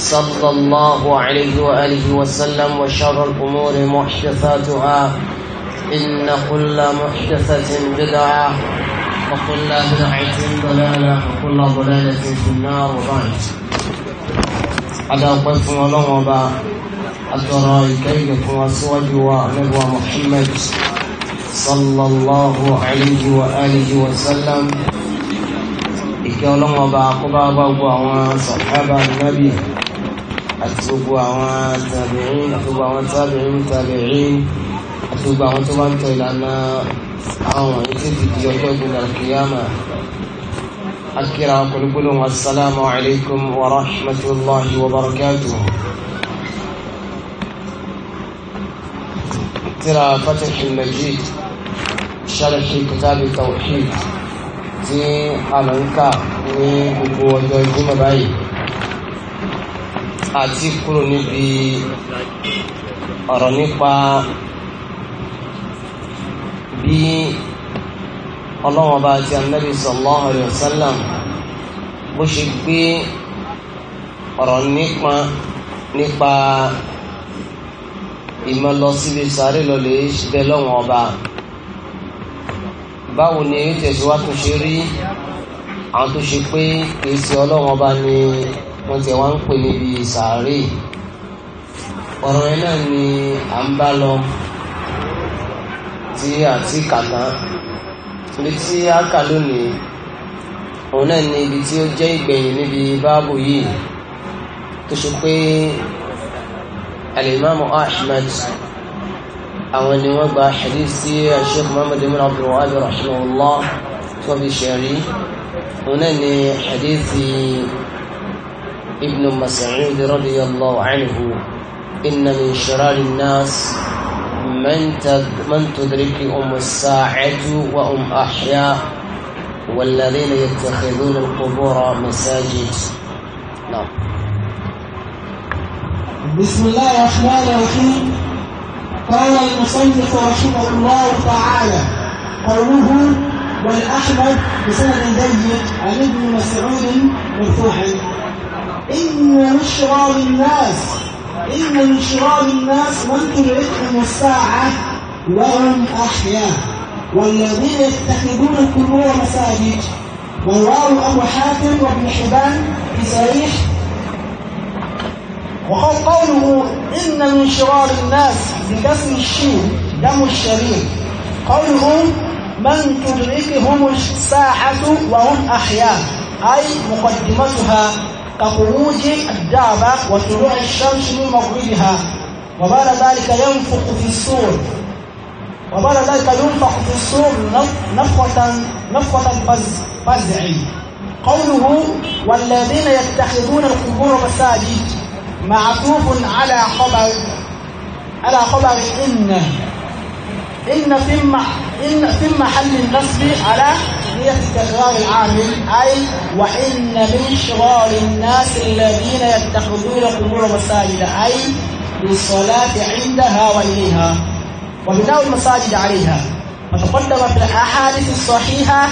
صلى الله عليه وآله وسلم وشر الأمور محدثاتها إن كل محدثة بدعة وكل بدعة ضلالة وكل ضلالة في النار وبعد على قلت ولغبا أترى كيف وسوج ونبوى محمد صلى الله عليه وآله وسلم ìkẹ́ ọlọ́mọba kó bá bá النبي àti gbogbo àwọn tàbíìn àti gbogbo àwọn tàbíìn tàbíìn àti gbogbo àwọn tó bá ń tọ ìlànà àwọn wọ̀nyí tí ti di ọjọ́ ìgbìmọ̀ àkìyàmà akíra kúlúkúlú wa sàlámù alaykum wa rahmatulahi wa barakatuh. ترى فتح المجيد شرح كتاب التوحيد في أمانكا من أبو الجمعة àti kúrò níbi ọ̀rọ̀ nípa bí ọlọ́wọ́n bá ti anábì sallallahu alaihi wasallam bó ṣe gbé ọ̀rọ̀ nípa nípa ìmọ̀ lọ síbi sáré lọ́lẹ̀ ṣẹlẹ̀ lọ́wọ́n ọba báwo ni tẹ̀síwájú ṣe rí àwọn tó ṣe pé kìí ṣe ọlọ́wọ́n ni wọ́n ti wá ń pè níbi sàárè ọ̀rọ̀ yẹn náà ni à ń bá lọ tí àti kàtá torí tí a kà lónìí òun náà ni ibi tí ó jẹ́ ìgbẹ̀yìn níbi báàbù yìí tó ṣe pé alimami ahmed àwọn ni wọ́n gba hadith sí sheikh muhammad ibn abdulwahab rahimahullah tó fi ṣẹ̀rí òun náà ni hadith yìí. ابن مسعود رضي الله عنه إن من شرار الناس من من تدركهم الساعة وهم أحياء والذين يتخذون القبور مساجد نعم بسم الله الرحمن الرحيم قال المصنف رحمه الله تعالى قوله والأحمد بسند جيد عن ابن مسعود مرفوعا إن من شرار الناس إن من شرار الناس من تدركهم الساعة وهم أحياء والذين يتخذون القبور مساجد ورواه أبو حاتم وابن حبان في صحيح وقال قوله إن من شرار الناس بكسر الشين دم الشرير قوله من تدركهم الساعة وهم أحياء أي مقدمتها كخروج الدابة وطلوع الشمس من مغربها وبعد ذلك ينفخ في الصور وبعد ذلك ينفخ في الصور نفخة نفخة فزع قوله والذين يتخذون القبور مساجد معطوف على خبر على خبر إن إن في إن في محل النصب على عملية استغلال العامل أي وإن من شرار الناس الذين يتخذون القبور مساجد أي للصلاة عندها وإليها وبناء المساجد عليها وتقدم في الأحاديث الصحيحة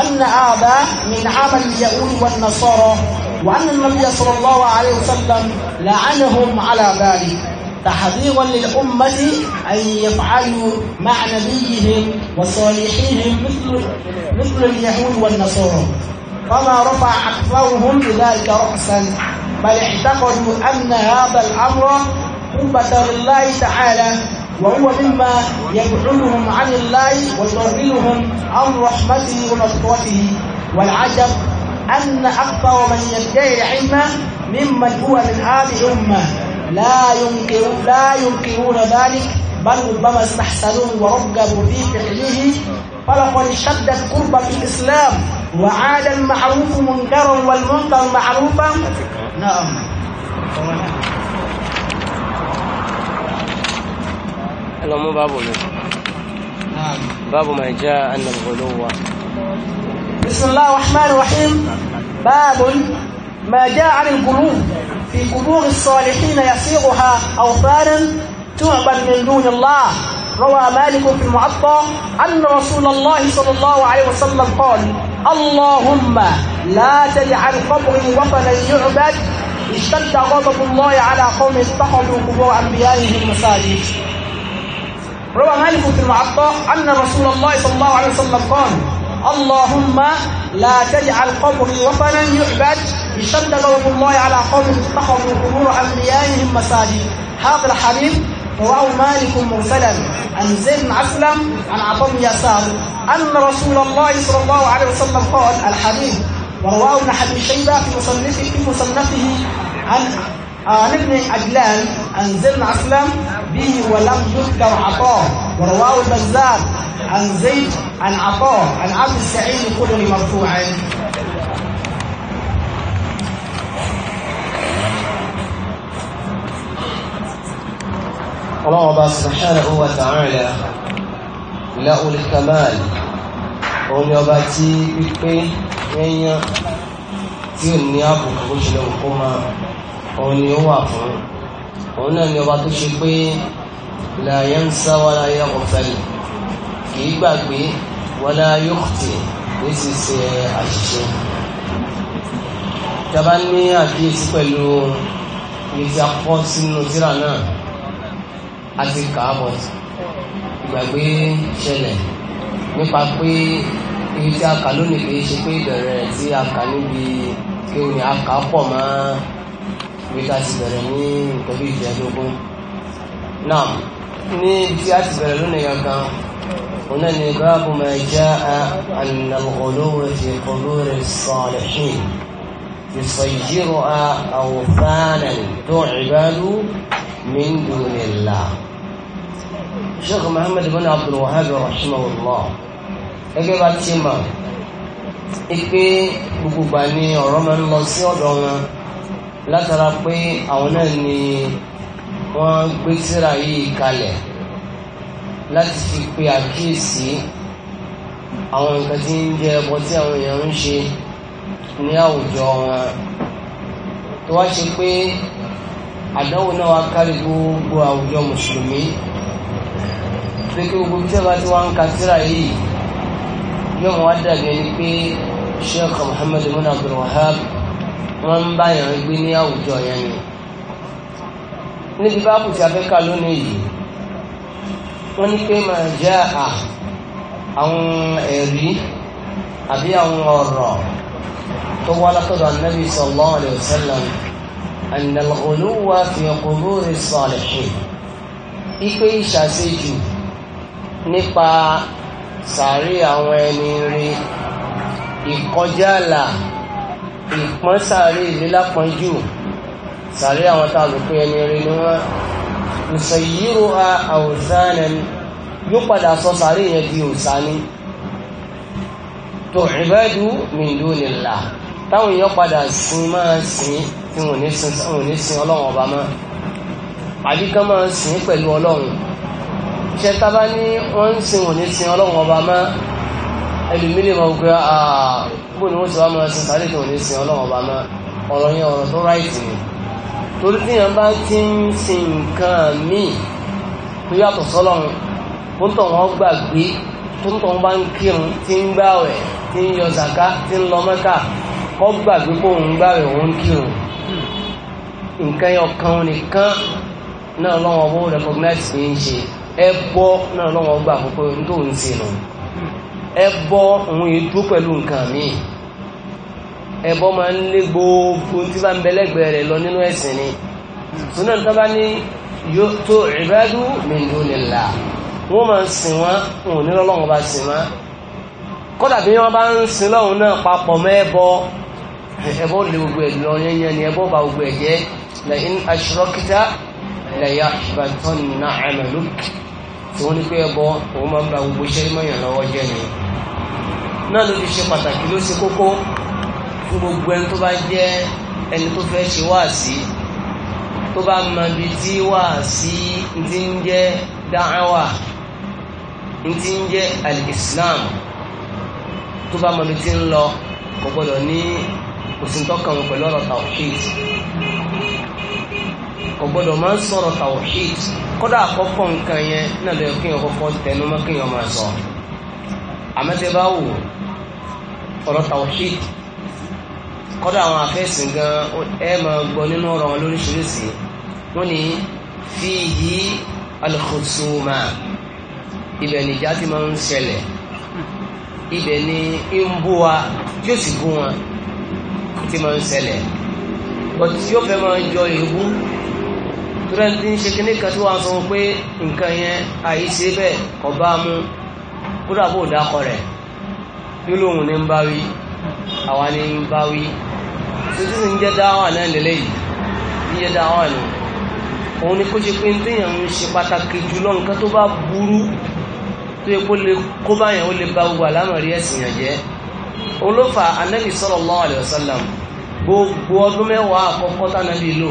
أن هذا من عمل اليهود والنصارى وأن النبي صلى الله عليه وسلم لعنهم على ذلك تحذيرا للأمة أن يفعلوا مع نبيهم وصالحيهم مثل مثل اليهود والنصارى فما رفع أكثرهم بذلك رأسا بل اعتقدوا أن هذا الأمر قربة لله تعالى وهو مما يبعدهم عن الله ويضللهم عن رحمته ونصرته والعجب أن أكثر من يدعي العلم ممن هو من آل الأمة لا ينكر لا ينكرون ذلك بل ربما استحسنوه ورغبوا في فعله فلقد اشتدت قربة الإسلام وعاد المعروف منكرا والمنكر معروفا نعم اللهم بابنا نعم باب ما جاء أن الغلو بسم الله الرحمن الرحيم باب ما جاء عن القلوب في قبور الصالحين يصيغها أوثانا تعبد من دون الله روى مالك في المعطى أن رسول الله صلى الله عليه وسلم قال اللهم لا تجعل قبري وطنا يعبد اشتد غضب الله على قوم اتخذوا قبور أنبيائهم مساجد روى مالك في المعطى أن رسول الله صلى الله عليه وسلم قال اللهم لا تجعل قبري وطنا يعبد بشد غضب الله على قوم اتخذوا قبور انبيائهم مساجد هذا الحديث رواه مالك مرسلا عن زيد بن اسلم عن عطاء يسار ان رسول الله صلى الله عليه وسلم قال الحديث ورواه ابن حبيب شيبه في مصنفه في مصنفه عن عن ابن عجلان عن زيد بن اسلم به ولم يذكر عطاء ورواه البزار عن زيد عن عطاء عن عبد السعيد الخدري مرفوعا الله سبحانه وتعالى لا أول الكمال أول يباتي بكي ينيا تير نيابو كبوش لهم قوما أول يوافو òun náà ni ọba tó ṣe pé la yansa wala yaghfal kìí gbàgbé wala yukhti kìí sì ṣe àṣìṣe ìjọba ní àkíyèsí pẹ̀lú ibi tí a kọ́ sínú tírà náà a ti ìgbàgbé ṣẹlẹ̀ nípa pé ibi tí lónìí kìí ṣe pé ìbẹ̀rẹ̀ tí a níbi kí o ní a pọ̀ mọ́ bí ká ti bẹ̀rẹ̀ ní nǹkan bí ìjẹ́dógún náà ní tí a ti bẹ̀rẹ̀ lónìí gangan òun náà ni báàbù máa jẹ́ ànàmọ̀lówó ti kọlóore sọ̀lẹ̀hìn ìfọ̀yìrò àwòfáànà tó ìbálú min dunillah sheikh muhammad bin abdul wahab rahimahullah gẹ́gẹ́ bá ti mọ̀ ipe gbogbo gbà ni ọ̀rọ̀ máa ń lọ sí ọ̀dọ̀ wọn látara pé àwọn náà ni wọ́n gbé síra yìí kalẹ̀ láti fi pe àkíyèsí àwọn nǹkan tí ń jẹ ẹbọ tí àwọn èèyàn ń ṣe ní àwùjọ wọn tó wá ṣe pé àdánwò náà wá kárí gbogbo àwùjọ mùsùlùmí pé kí gbogbo tí ẹ bá ti wá ń ka síra yìí yóò wá dàbí ẹni pé Sheikh Muhammad ibn Abdul Wahhab wọ́n ń bá yàn gbé ní àwùjọ yẹn ni níbi báàbù tí a fẹ́ kà lónìí yìí wọ́n ní pé máa jẹ́ àwọn ẹ̀rí àbí àwọn ọ̀rọ̀ tó wá látọ̀dọ̀ anábì sallallahu alaihi wasallam an al-ghuluwa fi quburi salihin ipe ìṣàṣejù nípa sàárè àwọn ẹni rí ìkọjá àlà ìpọ́n sáré ìlélápọ́njú sáré àwọn tá ẹni rí ni wọ́n ìsọ̀yírò ha àwòsánẹ̀ yóò padà sọ sáré yẹn di òsání tó ìbẹ́dù mìndú nìlá táwọn èèyàn padà sin máa sin tí wọn ò ní sin ọlọ́run ọba mọ́ àdíkán máa sin pẹ̀lú ọlọ́run ṣe tábá ní wọ́n ń sin wọn ní sin ọlọ́run ọba mọ́ ẹlòmílẹ̀ mọ́ gbé bó ni wọ́n ti wá mọ́ ẹsẹ̀ sáré tó ní sin ọlọ́wọ́ bá mọ́ ọ̀rọ̀ yẹn ọ̀rọ̀ tó ráìtì ni torí tí yẹn bá ti ń sin nǹkan míì tó yàtọ̀ sọ́lọ́run tó ń tọ̀ wọ́n gbàgbé tó ń tọ̀ wọ́n bá ń kírun tí ń gbàwẹ̀ tí ń yọ zàká tí ń lọ Mẹ́kà kọ́ gbàgbé pé òun gbàwẹ̀ òun kírun nǹkan yẹn ọ̀kan nìkan náà lọ́wọ́ bó recognize ní ṣe ẹ bọ́ náà lọ́wọ́ gbà pé ẹbọ òun èdú pẹ̀lú nǹkan mi ẹbọ máa ń lé gbogbo tí bá ń bẹ lẹ́gbẹ̀ẹ́ rẹ̀ lọ nínú ẹ̀sìn ni sùnà tó bá ní yóò tó ìbádù min dunillah wọ́n máa ń sìn wọ́n òun ní lọ́lọ́run bá sìn wọ́n kódà bí wọ́n bá ń sin lọ́hùn náà papọ̀ mọ́ ẹbọ ẹbọ lè gbogbo ẹ̀ lọ yẹnyẹn ni ẹbọ bá gbogbo ẹ̀ jẹ́ la in ashrakta la yahbatanna wọ́n ní pé ẹbọ òun máa ń ba gbogbo iṣẹ́ mọ́yàn lọ́wọ́ jẹ́ ni náà ló ti ṣe pàtàkì ló ṣe kókó fún gbogbo ẹni tó bá jẹ́ ẹni tó fẹ́ ṣe wáàsí tó bá mọ ibi tí wáàsí ti ń jẹ́ dáhàwà ti ń jẹ́ al-Islam tó bá mọ ibi tí ń lọ kò gbọdọ̀ ní òsìntọ́kàn pẹ̀lú ọ̀rọ̀ tàwọn kéèsì kò gbọ́dọ̀ máa ń sọ̀rọ̀ tawhid kódà àkọ́kọ́ nǹkan yẹn náà lọ kí n kọ́kọ́ tẹnu mọ́ kí n máa sọ àmọ́tẹ́ bá wò ọ̀rọ̀ tawhid kódà àwọn afẹ́sìn gan ẹ máa gbọ́ nínú ọ̀rọ̀ wọn lóríṣiríṣi wọ́n ní fihi al-khusuma ibẹ̀ nìjà ti máa ń ṣẹlẹ̀ ibẹ̀ ni ń bú wa yóò sì bú wọn ti máa ń ṣẹlẹ̀ bọ̀tí tura ti ń ṣe kíní kan tí wọ́n sọ pé nǹkan yẹn àìsí bẹ́ẹ̀ kò bá mú kódà bó dákọ̀ rẹ̀ yóò lóhùn ní ń bá wí àwa ní ń bá wí títí ní jẹ́ dáwà náà lélẹ̀ yìí jẹ́ dáwà nù òun ni kó ṣe pé téèyàn ń ṣe pàtàkì jùlọ nǹkan tó bá burú tó yẹ kó lè kó báyàn ó lè ba gbogbo àlámọ̀rí ẹ̀sìn yàn jẹ́ olófà anabi sallallahu alaihi wasallam gbogbo ọdún mẹ́wàá àkọ́kọ́ tánàbí lò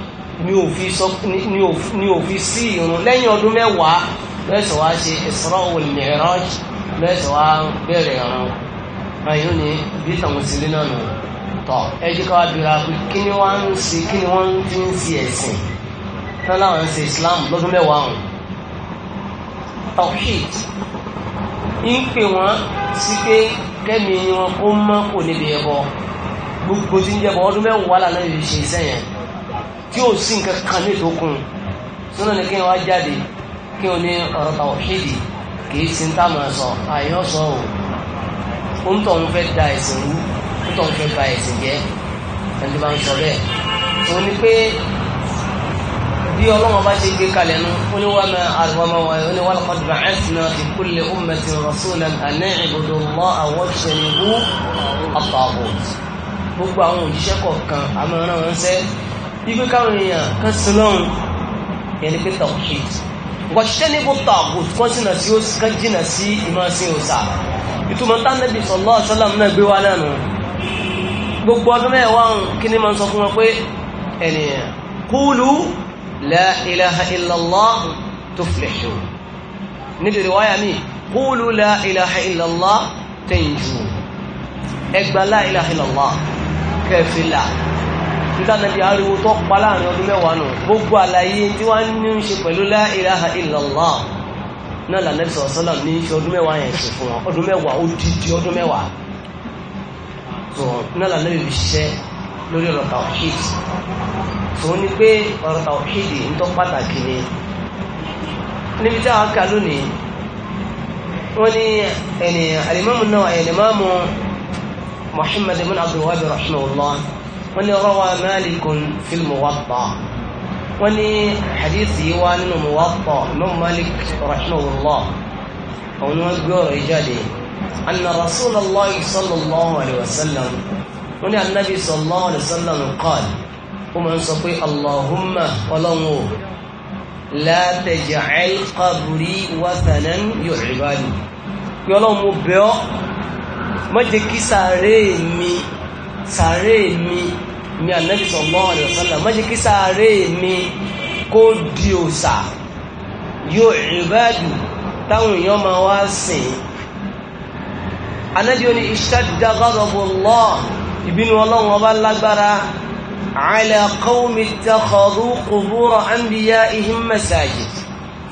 ni ò fi sí ìrun lẹ́yìn ọdún mẹ́wàá lọ́ẹ̀sọ̀ wá ṣe Isra wal Mi'raj lọ́ẹ̀sọ̀ wá bẹ̀rẹ̀ ọ̀ràn báyìí ní bí tàwọn sílé náà nù tọ̀ ẹ jẹ́ ká wá bira pé kí ni wọ́n ń ṣe kí ni wọ́n fi ń ṣe ẹ̀sìn tán láwọn ń ṣe Islam lọ́dún mẹ́wàá hàn tawhid ń pè wọ́n sí pé kẹ́mi wọn kó mọ́ kò níbi ẹbọ gbogbo tí ń jẹ́ bọ́ ọdún mẹ́wàá lànà yìí tí ó sì nǹkan kan ní ìlókun súnà ní kí wọ́n á jáde kí wọ́n ní ọ̀rọ̀ tàwọn ṣéèdì kì í sin tá máa sọ àyàn sọ ò ó ń tọ̀ ń fẹ́ da ẹ̀sìn wú ó tọ̀ ń fẹ́ ba ẹ̀sìn jẹ́ ẹni máa ń sọ bẹ́ẹ̀ tó ní pé bí ọlọ́wọ́n bá ṣe gbé kalẹ̀ nu ó ní wàá máa àlùfáàmà wà ó ní walaqad ba'athna fi kulli ummatin rasulan an i'budu Allaha wajtanibu at-taghut gbogbo àwọn òṣìṣẹ́ kọ̀ọ̀kan àmọ́ ẹ̀rọ ń sẹ́ ibi káwọn èèyàn kan sí lọ́run yẹn ni pé tawhid wàṣẹ́ ní bó tààbùt kan jìnà sí kan jìnà sí ìmọ̀sìn òsà ìtumọ̀ tánàbì sallallahu alaihi wasallam náà gbé wá náà nù gbogbo ọdún mẹ́wàá kí ni máa sọ fún wọn pé ènìyàn qulu la ilaha illallah tuflihu níbi riwaya mi qulu la ilaha illallah tanju ẹgbàá la ilaha illallah kẹfìlà nítànàbí ariwo tó pa láàrin ọdún mẹ́wàá nù gbogbo àlàyé tí wọ́n ní ń ṣe pẹ̀lú la ilaha illallah náà lànàbí sọ̀rọ̀ sọ́lá ní ṣe ọdún mẹ́wàá yẹn ṣe fún wọn ọdún mẹ́wàá ó dídí ọdún mẹ́wàá tó náà lànàbí fi ṣiṣẹ́ lórí ọ̀rọ̀ tawhid tó ní pé Muhammad ibn Abdul Wahhab rahimahullah wọ́n ní rawa Malikun fil Muwatta wọ́n ní hadithi wa nínú Muwatta imam Malik rahimahullah àwọn ni wọ́n gbé ọ̀rọ̀ ìjáde anna Rasulullahi sallallahu alayhi wa sallam wọ́n ní annabi sallallahu alayhi wa sallam qal ó máa ń sọ pé Allahumma ọlọ́run o la taj'al qabri wathanan yu'badu pé mo bẹ̀ ọ́ má mi sàárè mi ni ànábì sallallahu alaihi wasallam mọ́jẹ́ kí sàárè mi kó di òsà yóò ìbádù táwọn èèyàn máa wá sìn ànábì ó ní ishtadda ghadabullah ìbínú ọlọ́run ọba lágbára ala qawmi ittakhadhu qubura anbiya'ihim masajid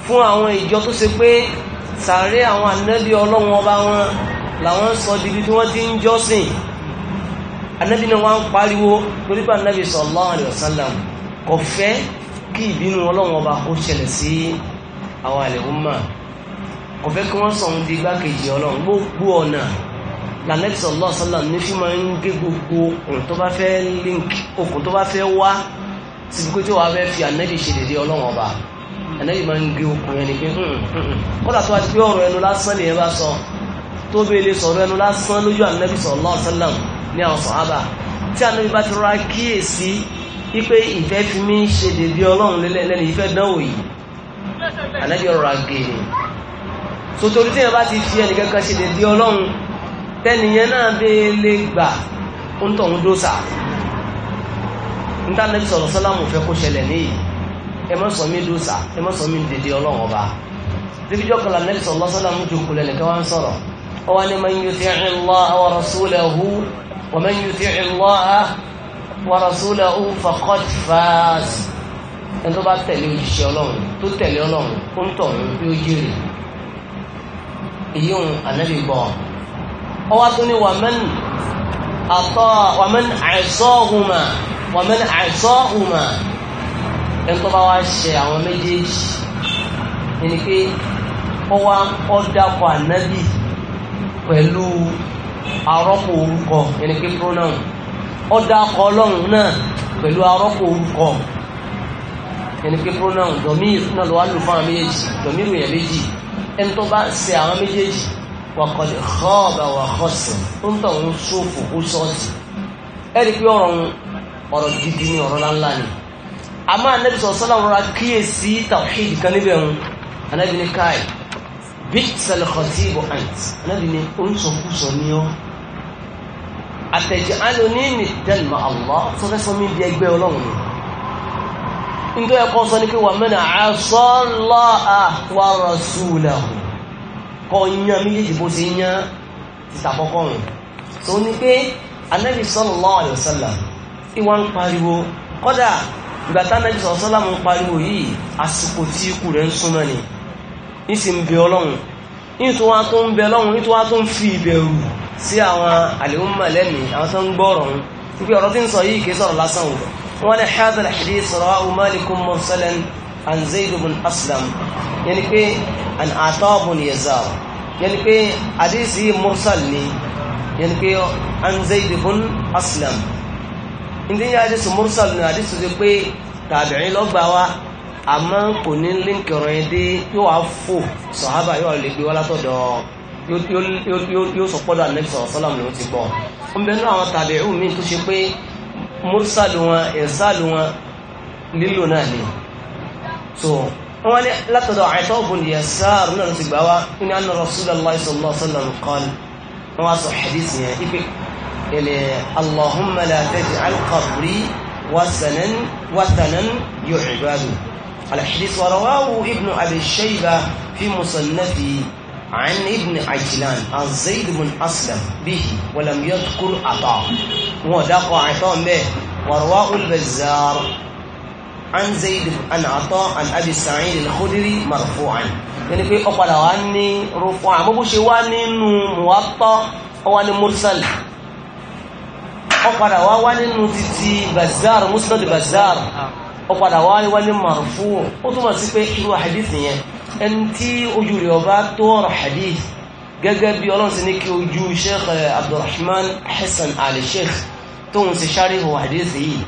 fún àwọn ìjọ tó ṣe pé sàárè àwọn ànábì ọlọ́run ọba wọn làwọn sọ dìbí tí wọ́n ti ń jọ́sìn anabi náà wá ń pariwo torí pé anabi sallallahu alaihi wasallam kò fẹ́ kí ìbínú ọlọ́run ọba kó ṣẹlẹ̀ sí àwọn àlẹ́hùnmá kò fẹ́ kí wọ́n sọ̀rọ̀ di igbákejì ọlọ́run gbogbo ọ̀nà lànàbì sallallahu alaihi wasallam ní fi máa ń tó bá link okùn tó bá fẹ́ wá síbi pé tí wàá fẹ́ fi anabi ṣe dédé ọlọ́run ọba anabi máa ń gé okùn yẹn ni pé hmm, hmm, hmm. kódà tó wá ti pé ọ̀rọ̀ ẹnu sọ̀rọ̀ ẹnu lásán lójú anabi sallallahu alaihi ní àwọn sọ̀hábà tí ànábì bá ti rọra kíyèsí wípé ìfẹ́ fi mí ṣe dèbí ọlọ́run lẹ́nu ìfẹ́ dánwò yìí ànábì rọra gèrè sotori tí yẹn bá ti fi ẹnì kankan ṣe dèbí ọlọ́run tẹ́nìyẹn náà bẹ́ẹ̀ lè gbà ń tọ̀hún dóṣà níta sọ̀rọ̀ fẹ́ kó ṣẹlẹ̀ níyì ẹ sọ mí dóṣà ẹ sọ mí ọlọ́run ọba sọ̀rọ̀ sọ̀rọ̀ ومن يطع الله ورسوله فقد فاز ẹni tó bá tẹ̀lé òjíṣẹ́ ọlọ́run tó tẹ̀lé ọlọ́run ó ń tọ̀rọ̀ bí ó jèrè èyí òun ànábì gbọ́ ọ wá tó ní wàmẹ́n àtọ́ wàmẹ́n àìsọ́hùmà wàmẹ́n àìsọ́hùmà ẹni tó bá wá ṣe àwọn méjèèjì ẹni pé ọ wá ọ dákọ̀ ànábì pẹ̀lú arọ́pò orúkọ yẹn kí pronoun ó dá ọkọ ọlọ́run náà pẹ̀lú arọ́pò orúkọ yẹn kí pronoun domir náà ló wá lò fún àwọn méjèèjì domir yẹn méjì ẹni tó bá ṣe àwọn méjèèjì wàkọ̀dé xọ́ọ̀bà wà xọ́sẹ̀ tó ń tọ̀ ń sófò ó sọ́ọ̀tì ẹ̀rí pé ọ̀rọ̀ ọ̀rọ̀ gidi ni ọ̀rọ̀ láńlá ni àmọ́ anabi sọ̀rọ̀ sọ́lá rọra kíyèsí tawhid kan níbẹ̀ ń anabi ní káì bíi sẹ́lẹ̀ xọ́tì bọ̀ àǹtí anabi ní oúnjẹ kúsọ̀ ní ọ́ àtẹ̀jálóní nìdẹ́n ma Allah tó fẹ́ sọ mí di ẹgbẹ́ ọlọ́run ni nítorí ẹ̀kọ́ sọ ní pé wà mẹ́nà àṣọ́lọ́à wà rasulahu kọ́ yan méjèèjì bó ṣe yan títà kọ́kọ́ rùn tó ní pé anábì sallallahu alaihi wasallam ìwà ń pariwo yìí àsìkò tí ikú rẹ̀ ń súnmọ́ ni ìsìn bẹ ọlọ́run ìtùwà tó ń bẹ ọlọ́run ìtùwà tó ń fi ìbẹ̀rù sí àwọn àlèhùnmọ̀ lẹ́mìí àwọn tó ń gbọ́rọ̀ ń wípé ọ̀rọ̀ tí ń sọ yìí kìí sọ̀rọ̀ lásán wò wọ́n ní hadha al-hadith sọ̀rọ̀ àwọn malikum mursalan an zayd ibn aslam yẹni pé an ata ibn yazar yẹni pé hadith mursal ni yẹni pé an zayd aslam ndí yá hadith mursal ni hadith ti pé tàbí'í lọ́gbà wa àmọ́ kò ní líǹkì ọ̀rọ̀ yẹn dé yóò wá fò sọ̀hábà yóò lè gbé wá látọ̀dọ̀ yóò sọ pọ́dọ̀ ànẹ́bí sọ̀rọ̀ sọ́làm ló ti gbọ́ ń bẹ́ẹ̀ náà àwọn tàbí ẹ̀rù mi tó ṣe pé mùsàlù wọn ẹ̀sàlù wọn lílò náà ni so wọ́n ní látọ̀dọ̀ àìtọ́ òbùn yẹ̀sáàrù náà ti gbà wá ní anna Rasulullah sallallahu alaihi wasallam wọ́n wá sọ عن ابن عجلان عن زيد بن أسلم به ولم يذكر عطاء ودق عطاء به ورواه البزار عن زيد عن عطاء عن أبي سعيد الخدري مرفوعا يعني في أقل واني رفوعا ما بوشي واني موطا واني مرسل أقل واني نتتي بزار مسند بزار أقل واني واني مرفوع وطبعا سيكي حديث نيه ẹni tí ojú rẹ̀ ọba tó ọ̀rọ̀ hadith gẹ́gẹ́ bí ọlọ́run sì ní kí ojú sheikh eh, abdulrahman hasan ali sheikh tó ń ṣe ṣáríhù hadith yìí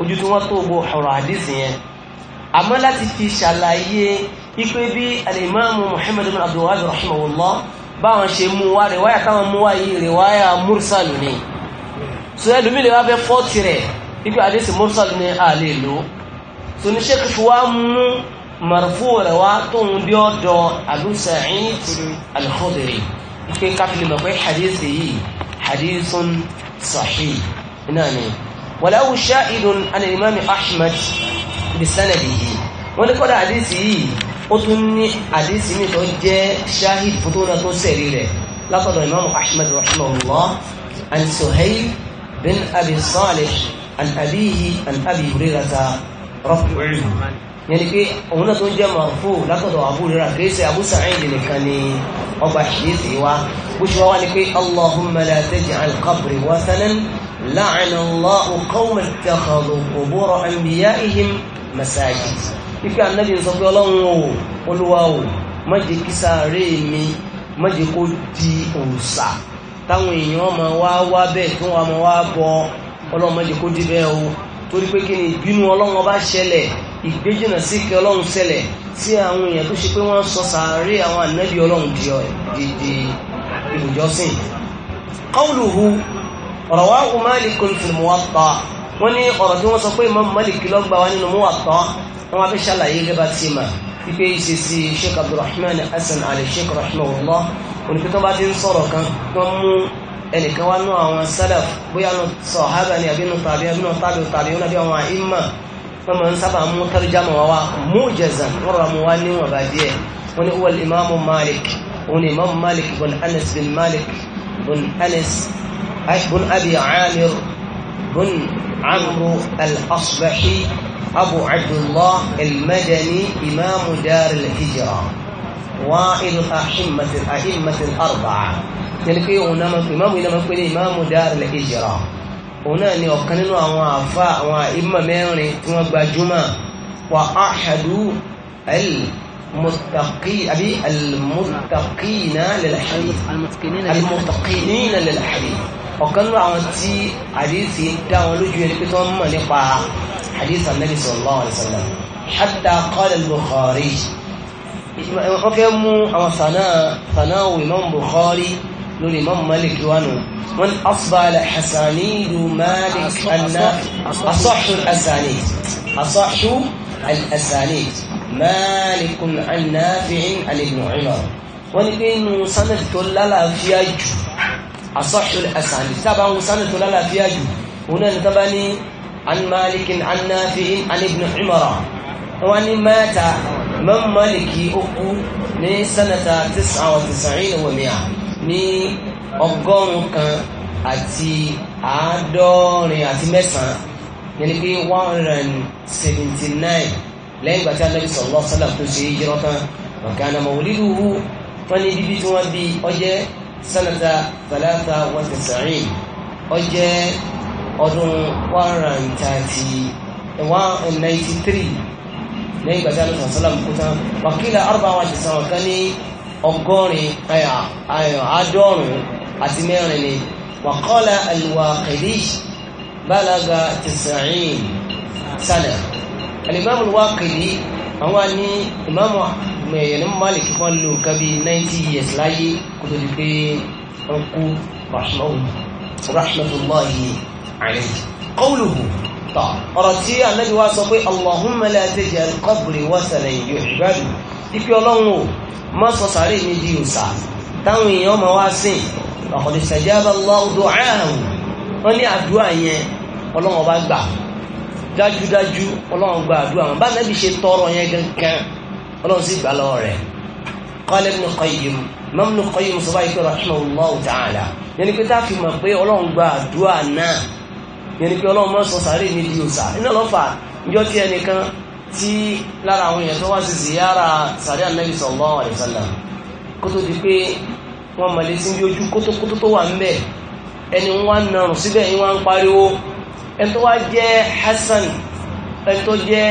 ojú tí wọ́n tó gbọ́ ọ̀rọ̀ hadith yẹn àmọ́ láti fi ṣàlàyé ipe bí alimami muhammad bin abdulwahab rahimahullah báwọn ṣe mú wa rẹwáyà táwọn mú wa yìí rẹwáyà mursalu ni so ẹlòmí lè wá fẹ́ fọ́ tirẹ̀ ipe hadith mursalu ni a lè lò so ní sheikh fi wá mú marfu rẹ̀ wá tóun bí ọ̀dọ̀ Abu Sa'id al-Khudri ike káfílì mọ̀ pé hadith yìí hadithun sahih iná ni walahu shahidun an imam ahmed bi sanadihi wọ́n ní kọ́dà hadith yìí ó tún ní hadith mi tó jẹ́ shahid fotona tó sẹ̀rí rẹ̀ látọ̀dọ̀ imam ahmed rahimahullah an suhail bin abi salih an abihi an abi hurairata rafi'u yẹn ni pé òun náà tó ń jẹ́ mọ̀fó látọ̀dọ̀ Abu Huraira kìí ṣe Abu Sa'id nìkan ni ọgbà ṣìṣì wa bó ṣe wá wá ni pé Allahumma la taj'al qabri wathanan la'ana Allahu qawman ittakhadhu qubura anbiya'ihim masajid ife anabi sọ pé ọlọ́run o olúwa o má jẹ́ kí sàárè mi má jẹ́ kó di òòṣà táwọn èèyàn máa wá wá bẹ́ẹ̀ tí wọ́n máa wá bọ ọlọ́run má jẹ́ kó di bẹ́ẹ̀ o torí pé kí ni ìbínú ọlọ́run ọba ṣẹlẹ̀ ìgbéjìnà sí kí ọlọ́run ṣẹlẹ̀ sí àwọn èèyàn tó ṣe pé wọ́n sọ sàárè àwọn ànábì ọlọ́run di dìde ìlújọ́sìn qawluhu rawahu Malikun fil Muwatta wọ́n ní ọ̀rọ̀ tí wọ́n sọ pé Imam Malik ló gbà wá nínú Muwatta wọ́n fi ṣàlàyé gẹ́gẹ́ ti mà wípé ìṣesí Sheikh Abdulrahman Hasan Ali Sheikh rahimahullah oníkẹ́ tó bá ti ń sọ̀rọ̀ kan wọ́n mú ẹnìkan wá wọ́n máa ń sábà mú tarjama wa mu'jazan wọ́n rọra mú wa níwọ̀n bá díẹ̀ wọ́n ní wọ́n imaamu malik wọ́n ní imaamu malik bin anas bin malik bin anas bin abi amir bin amru al-asbahi abu abdullah al-madani imaamu dar al-hijra wa'il ahimmat al-arba'a yẹn ni pé òun náà dar al-hijra òun náà ni ọ̀kan nínú àwọn àfa àwọn ìmọ̀ mẹ́rin tí wọ́n gbajúmọ̀ wà áhàdú al-muttaqina lil-hadith ọ̀kan nínú àwọn tí àdíìsì dá wọn lójú ẹni pé tí wọ́n mọ̀ nípa àdíìsì Ànábì sallallahu alaihi wasallam hatta qala al wọ́n fẹ́ mú àwọn sànáà sànáà Imam Bukhari لولي مام مالك وانو من أفضل حسانيد مالك أن أصح الأسانيد أصح الأسانيد مالك عن نافع عن ابن عمر ولكن سند كل لا فياج أصح الأسانيد تبع سند كل لا فياج هنا نتبني عن مالك عن نافع عن ابن عمر وأن مات من مالك أكو من سنة تسعة وتسعين ومئة ní ọgọ́rùn-ún kan àti àádọ́rin àti mẹ́sàn-án yẹni pé one hundred and seventy nine lẹ́yìn ìgbà tí anabi sallallahu alaihi wasallam tó ṣe é yọrọ tán ọ̀gáná mawliduhu wọn ní bíbí tí wọ́n bí ọjẹ́ sanata thalatha wa tis'in ọjẹ́ ọdún one hundred and thirty one and ninety three lẹ́yìn ìgbà tí anabi sallallahu alaihi wasallam kú tán wàkìlà arba'a wa tis'in ọ̀kan ní ọgọ́rin àádọ́rùn-ún àti mẹ́rin ni wàkọ́lá alwaqidi balaga tisa'in sana alimamu alwaqidi àwọn ní imamu mẹ̀yẹ̀ni maliki wọn lò nǹkan bí 90 years láyé kò tó di pé wọn rahmatullahi alayhi qawluhu tọ́ ọ̀rọ̀ tí anabi wa sọ pé Allahumma la taj'al qabri wasanan yu'badu ipe ọlọ́run o má sọ sàárè mi di òòṣà táwọn èèyàn máa wá sìn laqad istajaba Allahu du'aahu wọ́n ní àdúrà yẹn ọlọ́run ọba gbà dájúdájú ọlọ́run gba àdúrà wọn bá nẹ́bí ṣe tọrọ yẹn gangan ọlọ́run sì gbà lọ́wọ́ rẹ̀ qala ibn qayyim imam ibn qayyim sọ báyìí pé rahimahullahu ta'ala yẹn ni pé táà fi mọ̀ yẹn ni pé ọlọ́run mọ́ sọ sàárè mi di òsà iná lọ́fà níjọ́ tí ẹnìkan tí lára àwọn èèyàn tó wá sí ziyara sàárè anabi sallallahu alaihi wasallam kó tó di pé wọ́n mọ̀lẹ́ sí bí ojú kótókótó tó wà ń bẹ̀ ẹni wọ́n ń narùn síbẹ̀ ni wọ́n ń pariwo ẹni tó wá jẹ́ Hasan ẹni tó jẹ́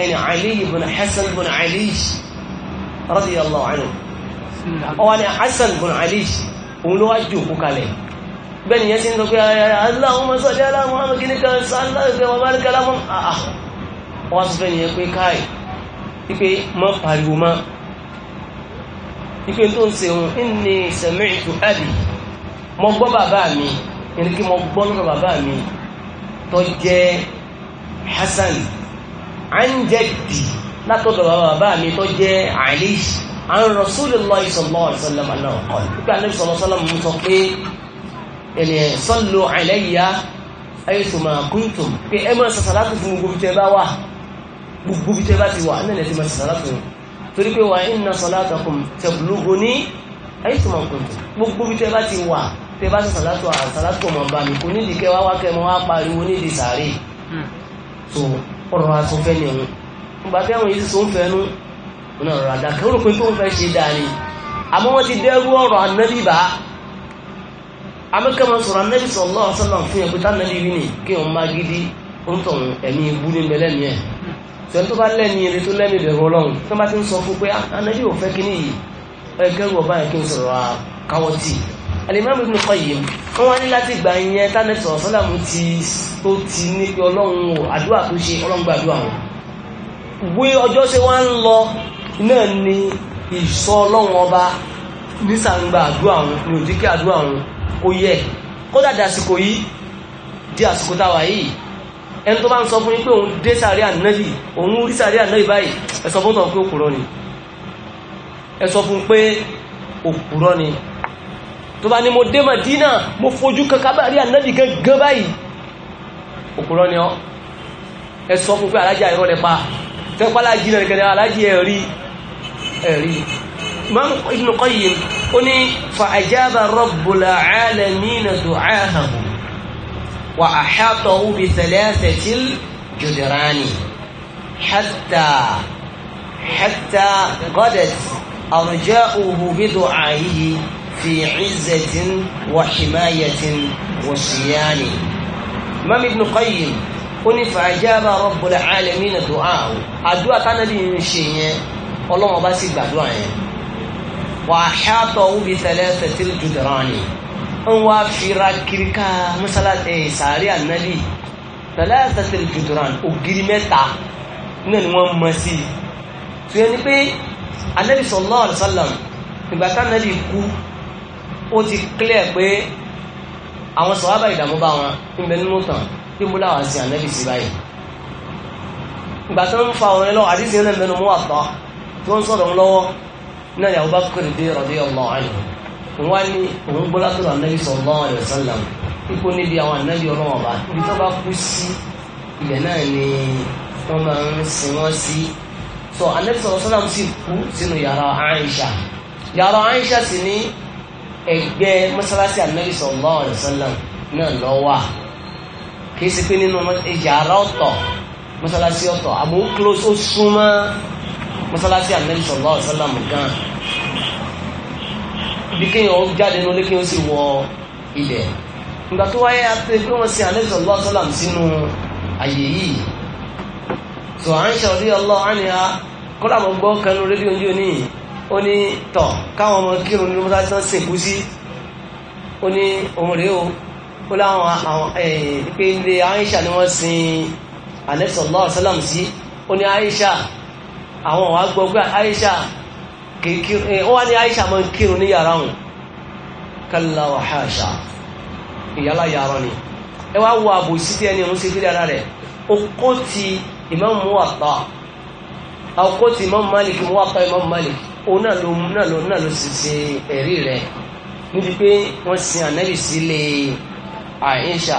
ẹni Ali ibn Hasan ibn Ali radiyallahu anhu ọwọ́ ni Hasan ibn Ali òun ló wá jù òkú kalẹ̀ bẹ́ẹ̀ni yẹn ti ń sọ pé aláwọn sọ́lẹ̀ aláwọn amẹ́kíníkà sáàlẹ̀ wọ́n bá ní kaláwọn àà wọ́n sọ fẹ́ni yẹn pé káì ipé mọ́ pariwo abi mọ́ gbọ́ bàbá mi yẹn kí mọ́ gbọ́ lọ́rọ̀ bàbá mi tó jẹ́ Hasan anjẹ́dì látọ̀dọ̀ bàbá mi tó jẹ́ sallallahu alaihi wasallam ẹni ẹ̀ sọ́lọ àìlẹ́yìá ẹ̀yẹ́sùmá kúntùm pé ẹ máa sàṣàlátù fún gbogbo tẹ bá wà gbogbo tẹ bá ti wà náà lẹ́sìn máa sàṣàlátù fún torí pé wà inna salatakum tablughu ní ẹ̀yẹ́sùmá kúntùm gbogbo tẹ bá ti wà tẹ bá sàṣàlátù àṣàlátù ọmọ bá mi kò nídìí kẹ wá wá kẹ mọ hmm. àmọ́ wọ́n ti dẹ́rú ọ̀rọ̀ ànábìbá amẹ́kẹ́mọ́ sọ̀rọ̀ anẹ́bí sallallahu alaihi wasallam fún ẹgbẹ́ tánàbí rí ní kí wọ́n má gidi ń tọ̀ ẹ̀mí ibú ní bẹ́lẹ̀ ní ẹ̀ tẹ̀lé tó bá lẹ́ni eré tó lẹ́ni ìbẹ̀rù ọlọ́run tó bá ti ń sọ fún pé anẹ́bí ah, ò fẹ́ kí ní yìí ẹgẹ́rù ọba yẹn kí n sọ̀rọ̀ ah, káwọ́tì Al-Imam Ibn Qayyim wọ́n wá ní láti gbà yẹn tánàbí sọ̀rọ̀ sọ́lá mu ti tó ti ní pé ọlọ́run o àdúrà tó ṣe ọlọ́run gba àdúrà wọn. wí ọjọ́ ṣe wá ń lọ náà ni ìsọ ọlọ́run ọba nísàǹgbà àdúrà wọn ní òjì kí àdúrà wọn kò yẹ kódà dàsìkò yìí di àsìkò táwa yìí ẹni tó bá ń sọ fún yín pé òun dé sàárẹ̀ ànábì òun rí sàárẹ̀ ànábì báyìí ẹ sọ fún tọ̀ pé òkúrọ́ ni ẹ sọ fún pé òkúrọ́ ni tó bá ní mo dé Madina mo fojú kankan bá rí ànábì gangan báyìí òkúrọ́ ni ọ ẹ sọ fún pé alájà irọ́ lẹ pa tẹ́pálá jìnnà kẹ́lẹ́ alájì ẹ̀rí ẹ̀rí Imam Ibn Qayyim ó ní fàájábà rabbul alamina du'aahu wà ahatahu bi thalathatil judrani hatta hatta ghadat arja'uhu bi du'aahihi fi 'izzatin wa himayatin wa siyani imam ibn qayyim ó ní fàájábà rabbul alamina du'aahu àdúrà tánàbí ń ṣe yẹn ọlọ́wọ́n sì gbàdúrà yẹn wà á xaatọ̀ wù bí sẹlẹ̀ sẹtìrì jùdìránì ń wá fira kirika mọ́sálásí sàárì ànábì sẹlẹ̀ sẹtìrì jùdìránì ògiri mẹ́ta náà ni wọ́n mọ̀ sí i tó yẹ ni pé ànábì sallallahu alaihi wasallam ìgbà tá ànábì kú ó ti clear pé àwọn sọ̀hábà ìdààmú bá wọn ń bẹ nínú tàn tí mo láwàá sí ànábì sí báyìí ìgbà tó ń fa ọ̀rẹ́ lọ àdìsí ẹlẹ́mẹ́nu mú àtọ́ tó ń sọ̀rọ̀ lọ́wọ́ náà ni Abubakar dé radiyallahu anhu wọ́n á ní òun gbọ́lá tó lọ anábì sallallahu alaihi wasallam kíkó níbi àwọn anábì ọlọ́wọ́n ọba ibi tó bá kú sí ilẹ̀ náà ni wọ́n máa ń sin wọ́n sí so anábì sallallahu alaihi wasallam sì kú sínú yàrá Aisha yàrá Aisha sì ní ẹgbẹ́ mọ́sálásí anábì sallallahu alaihi wasallam náà lọ wà kì í sì pé nínú yàrá ọ̀tọ̀ mọ́sálásí ọ̀tọ̀ àmọ́ mọ́sálásí ànábì sallallahu alaihi wasallam gan ibi kéèyàn ó jáde ní olé kéèyàn ó sì wọ ilẹ̀ ìgbà tó wáyé apẹ pé wọ́n sin ànábì sallallahu alaihi wasallam sínú àyè yìí tó à ń ṣàrí ọlọ́ọ̀ àníyá kọ́lá mọ́ gbọ́ kẹnu rédíò ní òní ó ní tọ̀ káwọn ọmọ kírun ní mọ́sálásí náà sìnkú sí ó ní òun rèé o ó láwọn àwọn ẹ̀ẹ́dẹ́gbẹ́ ilé Aisha ni wọ́n sin ànábì sallallahu alaihi sí ó ní Aisha àwọn wá gbọ́ pé Aisha kékeré eh, ó wá ní Aisha máa ń kírun ní yàrá òun kalla wa hasha ìyálà yàrá ni ẹ wá wo àbò sí tí ẹni òun ṣe fílẹ̀ ara rẹ̀ ó kó ti Imam Muwatta àwọn kó ti Imam Malik Muwatta Imam Malik òun náà ló náà ló náà ló sì ṣe ẹ̀rí rẹ̀ níbi pé wọ́n sin ànábì sílé Aisha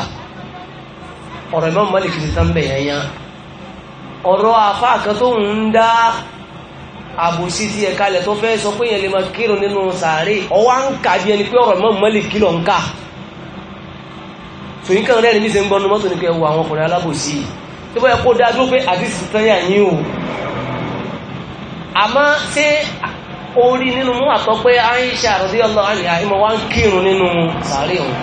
ọ̀rọ̀ Imam Malik ti tán bẹ̀yẹn yẹn ọ̀rọ̀ àfáà kan tó ń dá àbòsí ti ẹ̀ka ilẹ̀ tó fẹ́ sọ pé yẹn lè máa kírun nínú sàárè ọwá ń kà bí ẹni pé ọ̀rọ̀ mọ́ mọ́lẹ̀ kìlọ̀ ń kà tòyìn kan rẹ́rìn níṣẹ́ ń gbọ́nu mọ́tò ní pé ẹwọ àwọn ọkùnrin alábòsí tí wọ́n yẹ kó dájú pé àdìsí tán yà yín o àmọ́ ṣé orí nínú mú àtọ́ pé Aisha radiyallahu anha ìmọ̀ wá ń kírun nínú sàárè òun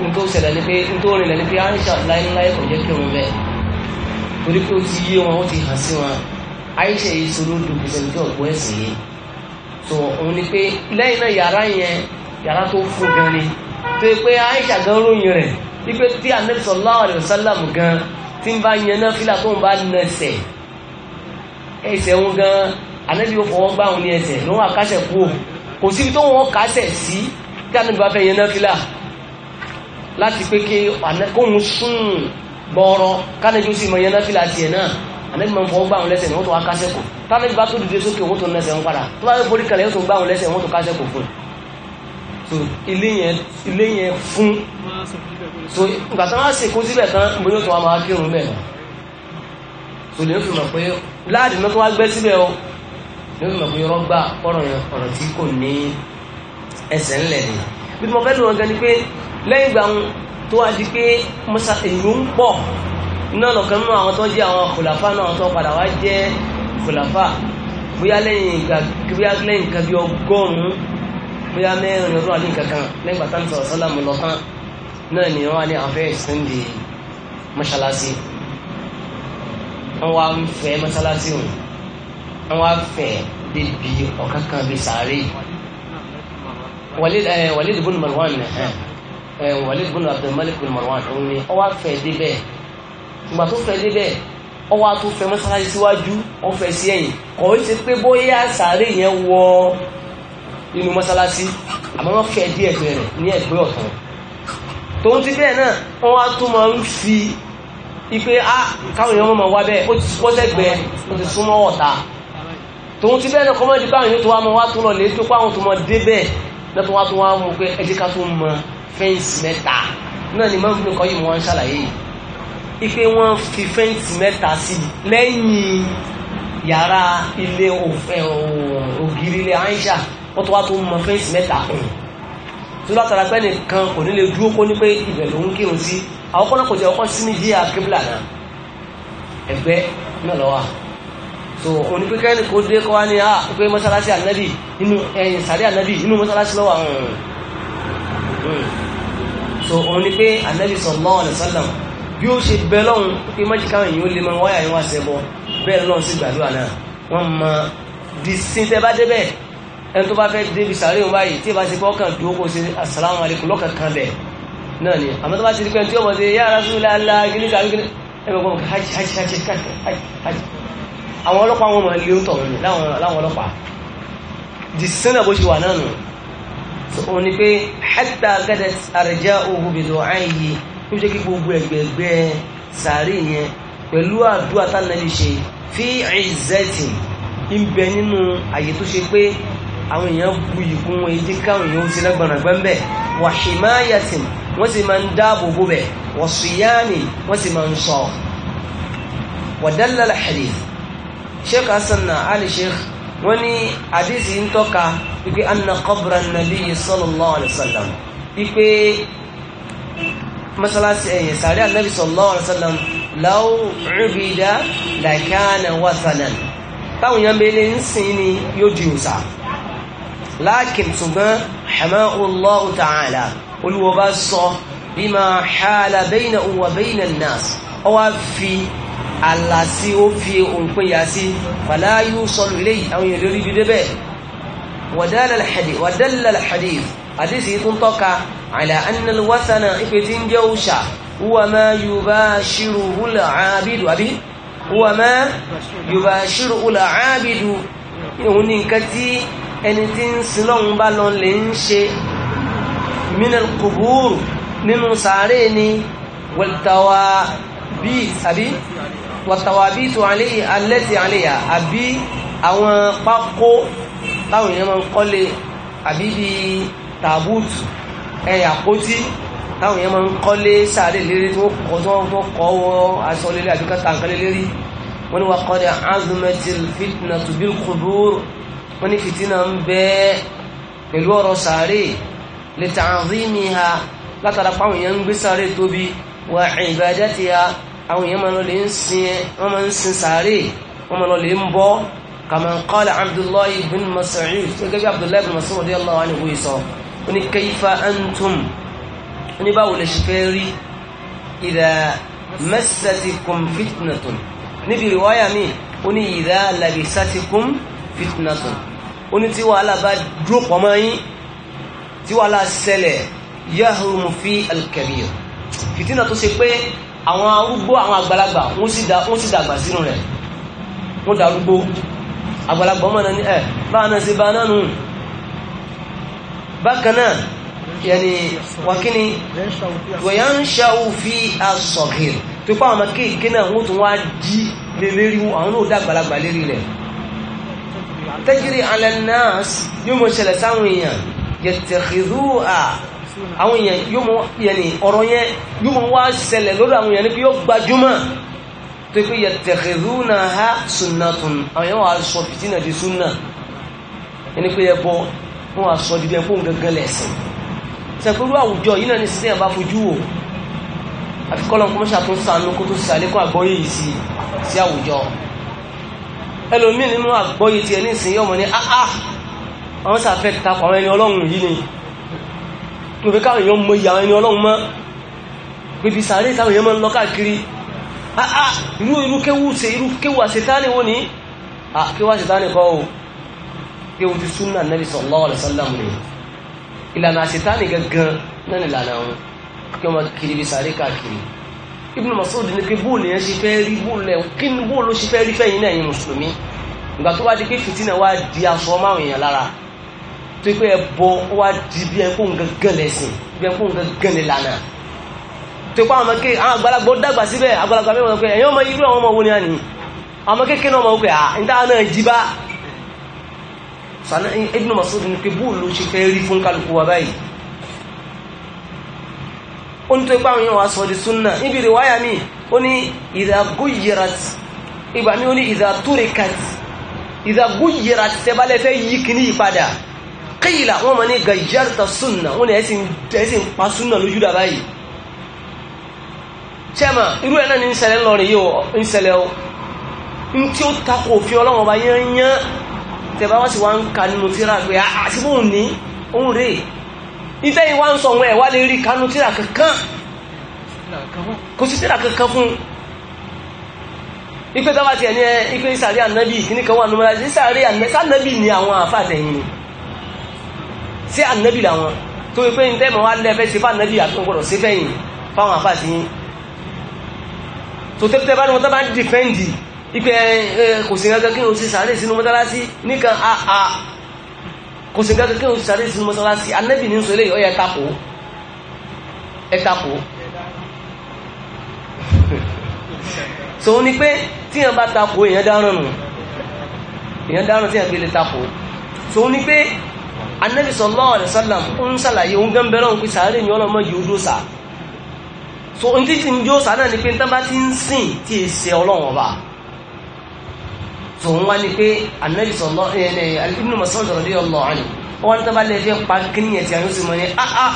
ní tó ṣẹlẹ̀ ní pé ní tó rìnlẹ̀ ní pé Aisha láéláé kò jẹ́ torí pé ó ti yé wọn ó ti hàn sí wọn àyíṣe yìí sọ ló dùn kìsẹ̀ nítorí ọ̀gbọ́n ẹ̀sìn yìí tó òun ni pé lẹ́yìn náà yàrá yẹn yàrá tó fún gan ni tó yẹ pé àyíṣà gan ròyìn rẹ̀ wípé tí Ànábì sallallahu alaihi wasallam gan tí ń bá yẹn náà fílà tó ń bá nà ẹsẹ̀ ẹsẹ̀ òun gan Ànábì ó fọwọ́ gbá òun ní ẹsẹ̀ ló ń wà kásẹ̀ kú kò síbi tó wọn kásẹ̀ sí tí Ànábì bá fẹ́ yẹn náà fílà láti pé kí kóhun sùn gbọ́ọ̀rọ̀ kálẹ̀jú sí mọ̀ yẹnà fílà tiẹ̀ náà ànábì máa ń fọwọ́ gbà wọn lẹ́sẹ̀ ni wọ́n tó wá kásẹ̀kù tálẹ́jú bá tó dìde sókè wọ́n tó nẹsẹ̀ ń padà tó bá fẹ́ forí kalẹ̀ yóò tó gbà wọn lẹ́sẹ̀ wọ́n tó kásẹ̀kù fún un so ilé yẹn ilé yẹn fún so ìgbà tí wọ́n á sèkó síbẹ̀ tán mo yóò tó wá máa kírun bẹ́ẹ̀ náà so lè fi mọ̀ pé láàdì náà tó wá gbẹ́ síbẹ̀ o lè fi mọ̀ pé rọ́gbà ọ̀rọ̀ yẹn ọ̀rọ̀ tí kò ní ẹsẹ̀ ńlẹ̀ ni bí mo fẹ́ lò wọ́n gan ni pé lẹ́yìn ìgbà tó wá di pé musa ìlú ń pọ̀ náà lọ́kàn nínú àwọn tó ń jẹ́ àwọn kòlàfà náà tó padà wá jẹ́ kòlàfà bóyá lẹ́yìn ìgbà bóyá lẹ́yìn nǹkan bí ọgọ́rùn-ún bóyá mẹ́rin ọdún àdín kankan lẹ́yìn bàtà ní sọ̀rọ̀ sọ́lá mọ̀lọ́ kan náà ni wọ́n á ní àfẹ́ ìsìn di mọ́ṣáláṣí wọ́n wá ń fẹ́ mọ́ṣáláṣí òun wọ́n wá fẹ́ débi ọ̀kankan bíi sàárè wàlídìbò ní mọ̀lúwà nìyẹn. Eh, Walid bin Abdulmalik bin Marwan òun ni ó wá fẹ́ débẹ̀ ìgbà tó fẹ́ débẹ̀ ó wá tó fẹ́ mọ́sálásí síwájú ó fẹ́ sí ẹ̀yìn kò í ṣe pé bóyá sàárè yẹn wọ inú mọ́sálásí àmọ́ wọ́n fẹ́ díẹ̀ bẹ̀rẹ̀ ní ẹ̀gbẹ́ ọ̀tún tòun ti bẹ́ẹ̀ náà wọ́n wá tó máa ń fi ipe a ah, káwọn èèyàn máa wá bẹ́ẹ̀ ó ti wọ́n sẹ́gbẹ̀ẹ́ ó ti súnmọ́ ọ̀tá tòun ti bẹ́ẹ̀ náà kọ́mọ́dé káwọn èèyàn tó wá mọ́ wá tó lọ lè tó pàwọn tó mọ́ débẹ̀ lẹ́tọ́ wá tó wá mú pé ẹjẹ́ ká tó mọ́ fẹ́ǹsì mẹ́ta náà ni mọ́mí kọ́ yìí wọ́n ṣàlàyé yìí ipe wọ́n fi fẹ́ǹsì mẹ́ta sí lẹ́yìn yàrá ilé eh, ògiri ilé Aisha wọ́n tó wá tó mọ fẹ́ǹsì mẹ́ta kùn tó látara pẹ́ nìkan kò ní lè dúró kó ní pé ibẹ̀ ló ń kírun sí àwọn kọ́nà kò jẹ́ ọkọ́ sí ní yíya kébìlà náà ẹgbẹ́ náà lọ́wọ́ so onípẹ́kẹ́ ní kó dé kọ́ wá ní à ah, pé mọ́sálásí ànábì nínú ẹ̀yìn eh, sàrí ànábì nínú mọ́sálásí lọ́wọ́ àwọn ọ̀rọ̀ hmm so òun ni pé anabi sallallahu alaihi wasallam bí ó ṣe bẹ lọ́hùn pé májíkà yìí ó lè máa wáyà yín wá sẹ́bọ bẹ́ẹ̀ lọ́hùn sì gbàdúrà náà wọ́n mọ di síntẹ́ bá débẹ̀ ẹni tó bá fẹ́ débi sàárè wọn báyìí tí ìbá ti fọ́ kàn dúró kó ṣe assalamu alaikum lọ́kàn kan bẹ̀ náà ni àmọ́ tó bá ti rí pé tí ọmọ ṣe yá Rasulullah gíní kàrí gíní ẹgbẹ́ gbọ́n hajj hajj hajj hajj àwọn ọlọ́pàá wọn máa lé ń tọ̀ wọn láwọn ọlọ́pàá di sínà bó ṣe wà náà nù òun ni pé hẹ́tà gẹ́dẹ̀ àrẹ̀já ohun bèèrè àìn yìí tó jẹ́ kí gbogbo ẹgbẹ̀gbẹ́ sàárè yẹn pẹ̀lú àdúrà tánàbí ṣe fi ìzẹ́tì ń bẹ nínú àyè tó ṣe pé àwọn èèyàn bu ìkún èdè káwọn èèyàn ó ti lágbára gbẹ́ńbẹ́ wàhímá yasin wọ́n sì máa ń dáàbò bò bẹ̀ wọ̀sùyáàni wọ́n sì máa ń sọ wàdálàlà hadith sheikh hasan na ali sheikh wọ́n ní àdísì ń tọ́ka wípé anna qabra nabiyyi sallallahu alaihi wasallam wípé masalasi ẹ̀yìn sàárẹ́ annabi sallallahu alaihi wasallam law ubida lakana wasanan táwọn yàn bẹ́ẹ̀ ń sìn ní yóò di òsà lákìn ṣùgbọ́n hama'ullahu ta'ala olùwọ́ bá sọ bima hala bayna wa bayna an-nas ọwá fi àlàsí ó fi òǹpinya sí fàláyú sọlù ilé yìí àwọn èèyàn lórí dídé bẹ́ẹ̀ wàdálà alhadith àdísì tó ń tọ́ka àlà annal wasana ife tí ń jẹ́ òṣà wúwa má yùbá ṣírù húlà ábìdù àbí wúwa má yùbá ṣírù húlà ábìdù òun ní nǹkan tí ẹni tí ń sin bá lọ lè ń ṣe minal kubur nínú sàárè ni wàltàwà bíi àbí wàtàwàbítu àléyìn alẹ́tì àléyà àbí àwọn pákó táwọn èèyàn máa ń kọ́lé àbí bí tàbút ẹ̀yà pótí táwọn èèyàn máa ń kọ́lé sáré lérí tí wọ́n kọ́ tí wọ́n kọ́ wọ́n aṣọ lérí àbí kọ́ta nǹkan lérí wọ́n ní wà kọ́ ní azumetil fitna tubil kubur wọ́n ní fitina ń bẹ pẹ̀lú ọ̀rọ̀ sáré lè tààzí mi ha látara páwọn èèyàn ń gbé sáré tóbi wà ìbàdàtì ha àwọn èèyàn máa lọ lè ń sin ẹ wọ́n máa ń sin sàárè wọ́n máa lọ lè ń bọ́ kàmá qala abdullahi ibn mas'ud gẹ́gẹ́ bí abdullahi ibn mas'ud radiyallahu anhu wòye sọ ó ní kayfa antum ó ní báwo lè ṣe fẹ́ rí idha massatikum fitnatun níbi ìwáyà mi ó ní idha labisatikum fitnatun ó ní tí wàhálà bá dúró pọ̀ mọ́ yín tí wàhálà ṣẹlẹ̀ yahrumu fi al-kabir tó ṣe pé àwọn arúgbó àwọn àgbàlagbà wọ́n sì dàgbà sínú rẹ̀ wọ́n darúgbó àgbàlagbà ọmọ náà ní ẹ̀ eh, báwọn náà ṣe bá náà nù bákan náà yẹni wàkíní wọ̀yá ń ṣàwù fi asọ̀gìr tó pa àwọn kéèké náà wọ́n tún wá jí lé lérí àwọn náà dàgbàlagbà lérí rẹ̀ tẹ́jìrì alẹ́ náà yóò mọ̀ ṣẹlẹ̀ sáwọn èèyàn yẹ̀tẹ̀kìrú àwọn èèyàn yóò mọ yẹn ni ọ̀rọ̀ yẹn yóò mọ wá ṣẹlẹ̀ lórí àwọn èèyàn ni pé yóò gbajúmọ̀ tó pé yattakhidhunaha sunnatun àwọn èèyàn wà sọ fìtínà di súnà ẹni pé ẹbọ wọn wà sọ di bí ẹgbọn gẹ́gẹ́ lẹsìn sẹpẹrú àwùjọ yìí náà ní sísẹ ẹbá fojú wò àfi kọlọn kọmọ ṣàtún sànú kó tó sàlékún àgbọ́yé yìí sí sí àwùjọ ẹlòmíì nínú àgbọ́yé tiẹ̀ nísìnyí ọmọ ní áá ah, ah, àwọn sàfẹ́ takọ̀ àwọn ẹni ọlọ́run yìí ni ní òfẹ́ káwọn èèyàn mọ iye àwọn ẹni ọlọ́run mọ́ bèbí sàárè táwọn èèyàn mọ́ ń lọ káàkiri àà irú irú kéwù ṣe irú kéwù àṣetánì wo ni à kéwù àṣetánì kọ́ o kéwù ti súnà nẹ́bí sallallahu alaihi wasallam ni ìlànà àṣetánì gangan náà ni ìlànà wọn kí wọ́n kiri bí sàárè káàkiri Ibn Mas'ud ní pé tó pé ẹbọ wá di bí ẹ kó ń gẹ́gẹ́ lẹ́sìn bí ẹ kó ń gẹ́gẹ́ ní lànà tó pé àwọn kéèké àwọn àgbàlagbà dàgbà síbẹ̀ àgbàlagbà mi wọn pé ẹ̀yin ọmọ irú àwọn ọmọ wo ni a nìyí àwọn kéèké náà mọ̀ pé à ń dáhà náà jí bá Ibn Mas'ud ni pé bóòlù ṣe fẹ́ rí fún kálukú wa báyìí ó ní tó pé àwọn èèyàn wá sọ di súnà níbi ìrìwáyà mi ó ní ìdàgóyèrát ìgbà mi ó ní ìdàtúrìkàt kíyìlá wọ́n mọ̀ ní gàjáàtà súnà wọ́n ni ẹ̀sìn pa súnà lójú dà báyìí ṣẹ́mà irú ẹ̀ náà ní ìṣẹ̀lẹ̀ lọ́rin yóò ìṣẹ̀lẹ̀ o ní tí ó takò òfin ọlọ́run ọba yányán tẹ̀bá wá sí wá ń ka nínú tíra pé àṣìbò ah, ah, ní òun rèé ìfẹ́ yìí wá ń sọ wọn ẹ̀ wá lè rí kanú tíra kankan kò sí tíra kankan fún ipe tó bá tiẹ̀ ní ipe ìsàrí ànábì kìnnìkan wà nùmọ́ra ìsàrí ànábì ní àwọn àfàtẹ̀yìn ni sí ànábì làwọn tó wípé ń tẹ́ mọ́ wá lẹ́fẹ́ sí fún ànábì àti ọgbọ̀dọ̀ sí fẹ́yìn fáwọn àfàṣì yín tó tẹ́tẹ́ bá ní wọ́n tábà ń dìfẹ́ǹdì ipe eh, eh, kò sí nǹkan kí o ti sàárè sínú mọ́sálásí nìkan àà ah, ah, kò sí nǹkan kí o ti sàárè sínú mọ́sálásí ànábì ní sọ so ni pé tí yẹn bá tako èèyàn dáràn nù èèyàn dáràn tí yẹn so ni pé anabi sallallahu alaihi wasallam ń sàlàyé ń gẹ́mbẹ́ lọ́wọ́ pé sàárè ni ọlọ́mọ yìí ó dó sà so n títí ń dó sà náà ni pé tán bá ti ń sìn tí è ṣe ọlọ́wọ́n bá so ń wá ní pé anabi sallallahu eh, ibn Mas'ud radiyallahu anhu ó wá ní tán bá lẹ́ẹ̀fẹ́ pa kíní yẹn ti àyàn sì mọ́ ni ah ah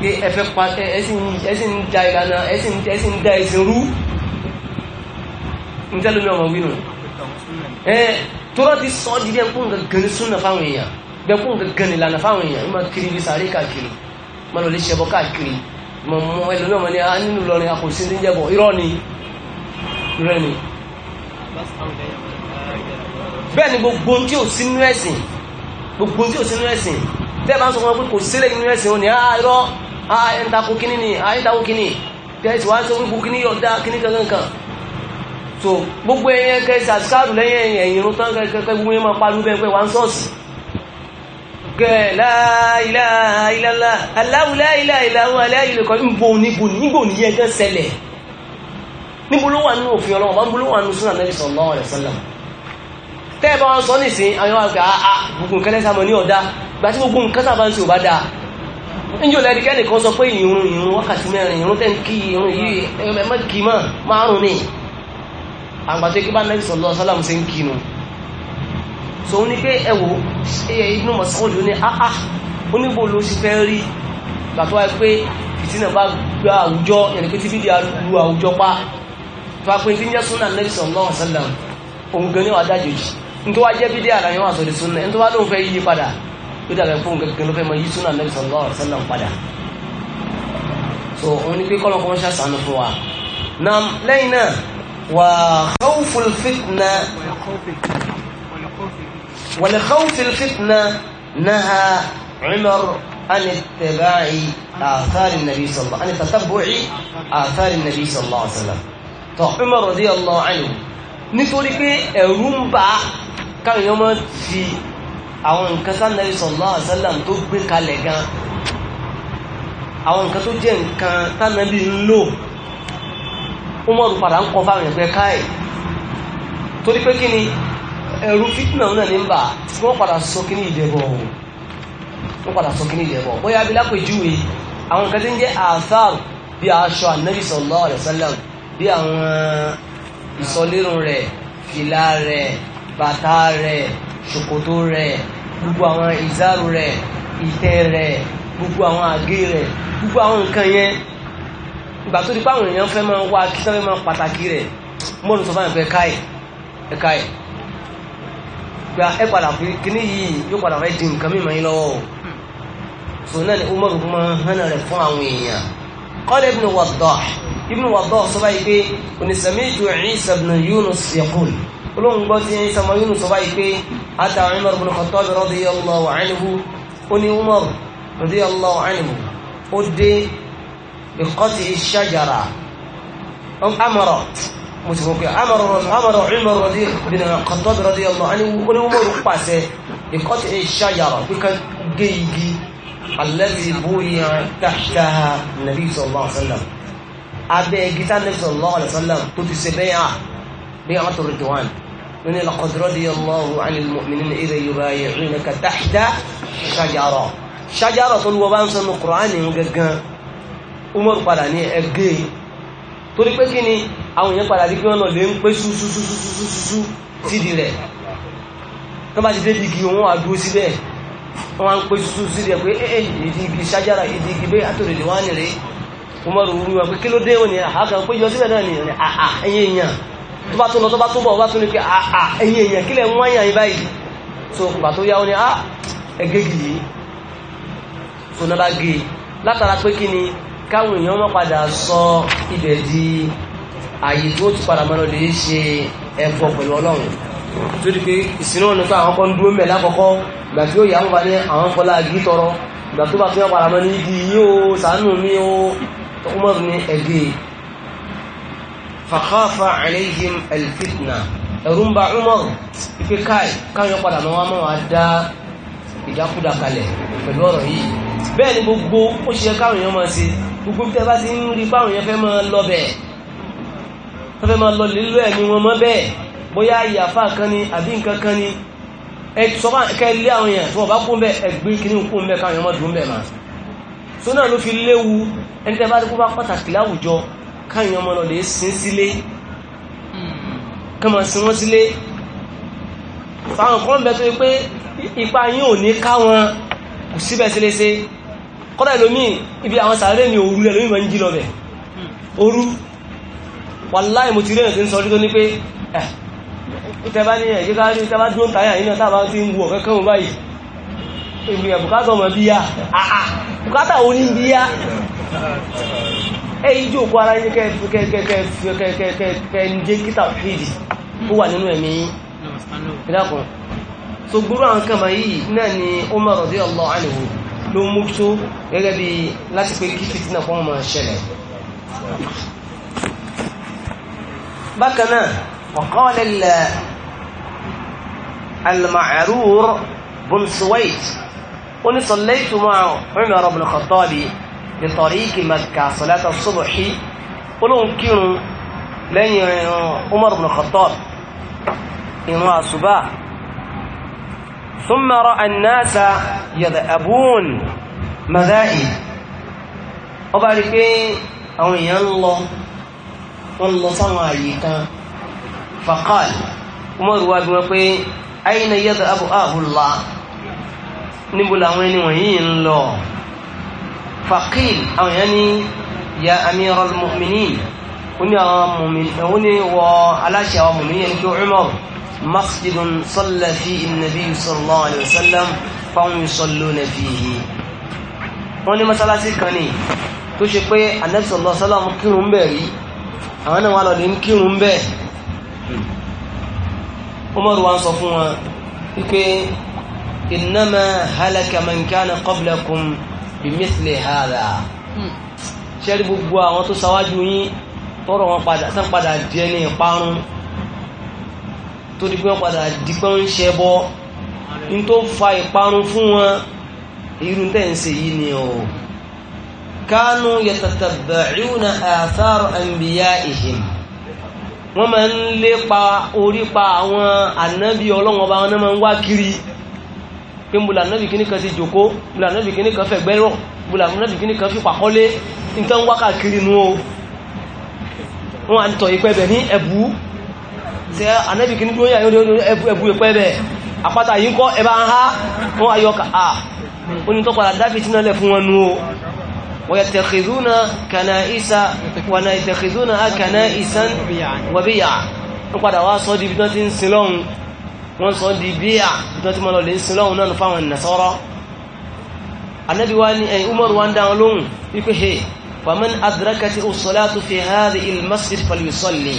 pé ẹ̀fẹ́ pa ẹ̀sìn ń da ìlànà ẹ̀sìn ń da ẹ̀sìn rú ń tẹ́lómi ọmọ wínú ẹ̀ tó rọ́ ti sọ ọ́ di bí ẹ̀kú nǹkan gẹ̀ẹ́sùn náà fáwọn èèyàn bẹ́kún gangan ìlànà fáwọn èèyàn ìmọ̀ kiri ibi sàárè káàkiri ma lọ lè ṣẹbọ káàkiri mọ̀ mọ́ ẹlòmíràn mọ́ ní ah, a lọrin a ní jẹ́bọ̀ irọ́ ni irọ́ ni. bẹ́ẹ̀ ni gbogbo tí ò sí nínú ẹ̀sìn gbogbo tí ò sí nínú ẹ̀sìn tẹ́ bá ń sọ fún wọn pé kò sílẹ̀ nínú ẹ̀sìn wọn ni a ah, irọ́ a ah, ẹ̀ ń takò kíní ni a ẹ̀ ń takò wá sọ wípé kíní yọ̀dá kíní kankan so gbogbo ẹ̀yẹn kẹsì àsìkáàdù lẹ́yìn ẹ̀yìn irun tán kẹ́kẹ́ gbogbo yẹn máa pariwo bẹ́ẹ̀ pé wà ń sọ́ọ̀sì gẹ́ la ilaha illallah Allahu la ilaha illahu aláìlẹ́kọ̀ọ́ níbo níbo níbo ní ẹjọ́ ṣẹlẹ̀ níbo ló wà nínú òfin ọlọ́wọ́ níbo ló wà nínú súnà Nabi sallallahu alaihi wasallam tẹ́ ẹ bá wọn sọ nìsín àwọn àgbà àà ah, ah, gbogbo nǹkan lẹ́sà mọ̀ ní ọ̀dá gba tí gbogbo nǹkan sábà ń ti ò bá dáa níjọ́ lẹ́ẹ̀dì kẹ́nìkan sọ pé ìrun ìrun wákàtí mẹ́rin ìrun tẹ́ ń kí ìrun yìí ẹ̀mẹ́mẹ́ kì í mọ́ márùn-ún ni àgbàtẹ́ kí bá Nabi sallallahu alaihi wasallam ṣe ń kí nu so ó ní pé ẹ ẹyẹ Ibn Mas'ud ní áhà ó ló ṣe fẹ́ rí gbàtọ́ pé fìtínà bá gba àwùjọ yẹn pé tífídì lu àwùjọ pa tó pé tí ń jẹ́ súnà Nabi sallallahu alaihi wasallam òun gan ni wàá dájú jì nítorí wàá jẹ́ bídí àlàyé wọn àtọ̀dẹ̀ súnà nítorí wàá lóun fẹ́ yí padà ló dàgbà fún gẹ́gẹ́ ló fẹ́ mọ yí súnà Nabi sallallahu alaihi wasallam padà ولخوف الفتنة نهى عمر عن اتباع آثار النبي صلى الله عن تتبع آثار النبي صلى الله عليه وسلم tó Umar radiyallahu anhu nítorí pé ẹ̀rù ń bá káwọn èèyàn máa fi àwọn nǹkan sáà nàbí sallallahu alaihi wasallam tó gbé kalẹ̀ gan àwọn nǹkan tó jẹ́ nǹkan tánàbí ń lò Umar padà ń kọ fáwọn ẹ̀pẹ́ káì torí pé kí ni ẹ̀rù fitna náà ní ń bà wọ́n padà sọ kí ní ìdẹ́bọ̀ ọ̀hún wọ́n padà sọ kí ní ìdẹ́bọ̀ bóyá bí lápèjúwe àwọn nǹkan tí ń jẹ́ àtàrù bí aṣọ ànábì sallallahu alaihi wasallam bí àwọn ìsọlérun rẹ̀ fìlà rẹ̀ bàtà rẹ̀ ṣòkòtò rẹ̀ gbogbo àwọn ìzáàrù rẹ̀ ìtẹ́ rẹ̀ gbogbo àwọn àgé rẹ̀ gbogbo àwọn nǹkan yẹn ìgbà tó di pé àwọn èèyàn fẹ́ máa wá kí sáfẹ́ máa pàtàkì rẹ̀ mọ́ọ̀nù tó bá yàn fẹ́ káì ẹ̀ka ẹ̀ gba ẹ padà fi kíní yìí yóò padà fẹ́ di nǹkan mímọ́ yín lọ́wọ́ o so náà ni umaru kuma hànà rẹ̀ fún àwọn èèyàn qala ibn Waddah ibn Waddah sọ báyìí pé onísàmíjù Isa ibn Yunus yaqul olóhùn gbọ́ sí Isa ibn Yunus sọ báyìí pé ata Umar ibn Khattab radiyallahu anhu ó ní Umar radiyallahu anhu ó dé bi qat'i shajara amara mùsùlùmí amọ̀rọ̀ Umar bin Khattab radiyallahu anhu onímọ̀rù pàṣẹ ìkọ́tí ìṣàyàrọ̀ píkà gé igi alẹ́bí bóyá dáadáa nàbí sallallahu alaihi wasallam abẹ́ gítà nàbí sallallahu alaihi wasallam tó ti ṣe bẹ́yà bí àwọn tòrò jọwọ́n من لقد رضي الله عن المؤمنين إذا يبايعونك تحت شجرة شجرة tó lọ bá ń sọ́nà Kùránì gangan Umar padà ní àwọn èèyàn padà di pé wọn lọ lè ń pé ṣúṣúṣúṣúṣú sídi rẹ tó bá ti dé igi wọn á dúró síbẹ̀ wọn á ń pé ṣúṣú sídi rẹ pé ee eh, eh, ìdí igi ṣájára ìdí igi bẹ àtòrèdè wọn á nìrè wọn máa rò wọn pé kí ló dé wọn ni àhàkà pé yọ síbẹ̀ náà ni àhà ẹ̀yin èèyàn tó bá tó lọ tó bá tó bọ̀ wọn bá tó ní pé àhà ẹ̀yin èèyàn kílẹ̀ ń wáyà yín báyìí so kùgbà tó yá wọn ni ah ẹgẹ́gì yìí so náà bá gé e. látara pé kí ni káwọn èèyàn má padà sọ ibẹ̀ di ààyè tó ti padà mọ́ lọ lè ṣe ẹ̀bọ pẹ̀lú ọlọ́run torí pé ìsinú ọ̀nà pé àwọn kan dúró mẹ́ lákọ̀ọ́kọ́ ìgbà tí ó yà ń wà ní àwọn kan láàgì tọrọ ìgbà tó bá fi padà mọ́ ní ibi yìí ó sàánù mi ó ọmọ mi ẹ̀gbẹ́ fàkàfà àlẹ́yìn ẹ̀lfìtnà ẹ̀rú ń ba Umar ife káì káyọ̀ padà mọ́ wọn máa dá ìdákúdà kalẹ̀ pẹ̀lú ọ̀rọ̀ yìí bẹ́ẹ̀ ni gbogbo ó ṣe káwọn èèyàn máa ṣe gbogbo tẹ́ bá ti ń rí fáwọn èèyàn fẹ́ máa lọ bẹ́ẹ̀ wọ́n fẹ́ máa lọ lílú ẹ̀mí wọn mọ́ bẹ́ẹ̀ bóyá ìyàfà kan ni àbí nǹkan kan ni ẹ sọ́kà kẹ́ lé àwọn èèyàn tí wọ́n bá kún bẹ́ẹ̀ ẹgbẹ́ kìíní kún bẹ́ẹ̀ káwọn èèyàn mọ́ dùn bẹ́ẹ̀ máa tó náà ló fi léwu ẹni tẹ́ bá dé kó bá pàtàkì láwùjọ káwọn èèyàn mọ́ lọ lè sin sílé kọmọ̀ sí wọ́n sílé fáwọn kan bẹ̀ tó yí pé ipa yín ò ní káwọn kò síbẹ̀ sílé sí kọ́dà ìlòmí ibi àwọn sàárè ní òru ẹlòmí mọ̀ ń jí lọ bẹ̀ òru wàláì mo ti rí ẹ̀sìn sọ tó eh, ní pé ẹ̀ ya ní na-ata rí ìtẹ́bá dúró ti ń wo ọ̀kẹ́kẹ́ wọn báyìí èmi ẹ̀ bùkátà ọmọ bí yá àà bùkátà òní bí yá ẹ ijó so gbúrú àwọn kan báyìí náà ni Umar radiyallahu anhu ló mú tó gẹ́gẹ́ bí bákan náà وقال المعرور بن سويد قل صليت مع عمر بن الخطاب بطريق مكة صلاة الصبح قل انكر لن عمر بن الخطاب إنها صباح ثم رأى الناس يذهبون مذائب وبعد كي أو ينلو wọ́n lọ sáwọn àyè kan faqal umar wa bí wọ́n pé ayna yadhabu ahùlá níbo làwọn ẹni wọ̀nyí ń lọ faqil àwọn èèyàn ní ya amiral mu'minin ó ní àwọn mùmín ó ní wọ aláṣẹ àwọn mùmín yẹn kí umar masjidun salla fihi an-nabiy sallallahu alayhi wa sallam fáwọn yusalluna fihi wọ́n ní masalasi kan ní tó ṣe pé anabi sallallahu alayhi wa kírun bẹ̀rẹ̀ àwọn náà wà lọ lè ń kírun bẹ́ẹ̀ Umar wa ń sọ fún wọn wípé innama halaka man kana qablakum bimithli hadha hmm. ṣẹ́rí gbogbo àwọn tó ṣáwájú yín tọrọ wọn padà sán padà di ẹni ìparun tó di pé wọn padà di pé ń ṣe bọ ní tó fa ìparun fún wọn irú tẹ̀ ń ṣe yìí ni o. Hmm kánú yatatabba'una athar anbiya'ihim wọ́n máa ń lépa orípa àwọn ànábì ọlọ́wọ́n bá wọn náà máa ń wá kiri pé mbùlà ànábì kìíní kan ti jòkó mbùlà ànábì kìíní kan fẹ̀gbẹ́rọ̀ mbùlà ànábì kìíní kan fi pàkọ́lé nǹkan wá káàkiri nu o wọ́n á tọ̀ ìpẹ́ bẹ̀ ní ẹ̀bú tẹ́ ànábì kìíní dúró yà ẹ̀bú ìpẹ́ bẹ̀ àpáta yìí ń kọ́ ẹ̀bá ń há wọ́n ayọ́ka à ó ní tọ́kọ̀ àdábì tí náà lẹ̀ fún wọn nu o ويتخذون كنائس ويتخذونها كنائسا وبيعا نقعد واسو دي بيتون تين سلون wọ́n sọ di bíyà tó ti mọ́ lọ lè ń sin lọ́hùn náà ní fáwọn nasara anábi wa ní ẹ̀yìn umaru wa ń dáwọn lóhùn wípé he faman adrakati as fi hadhi al falyusalli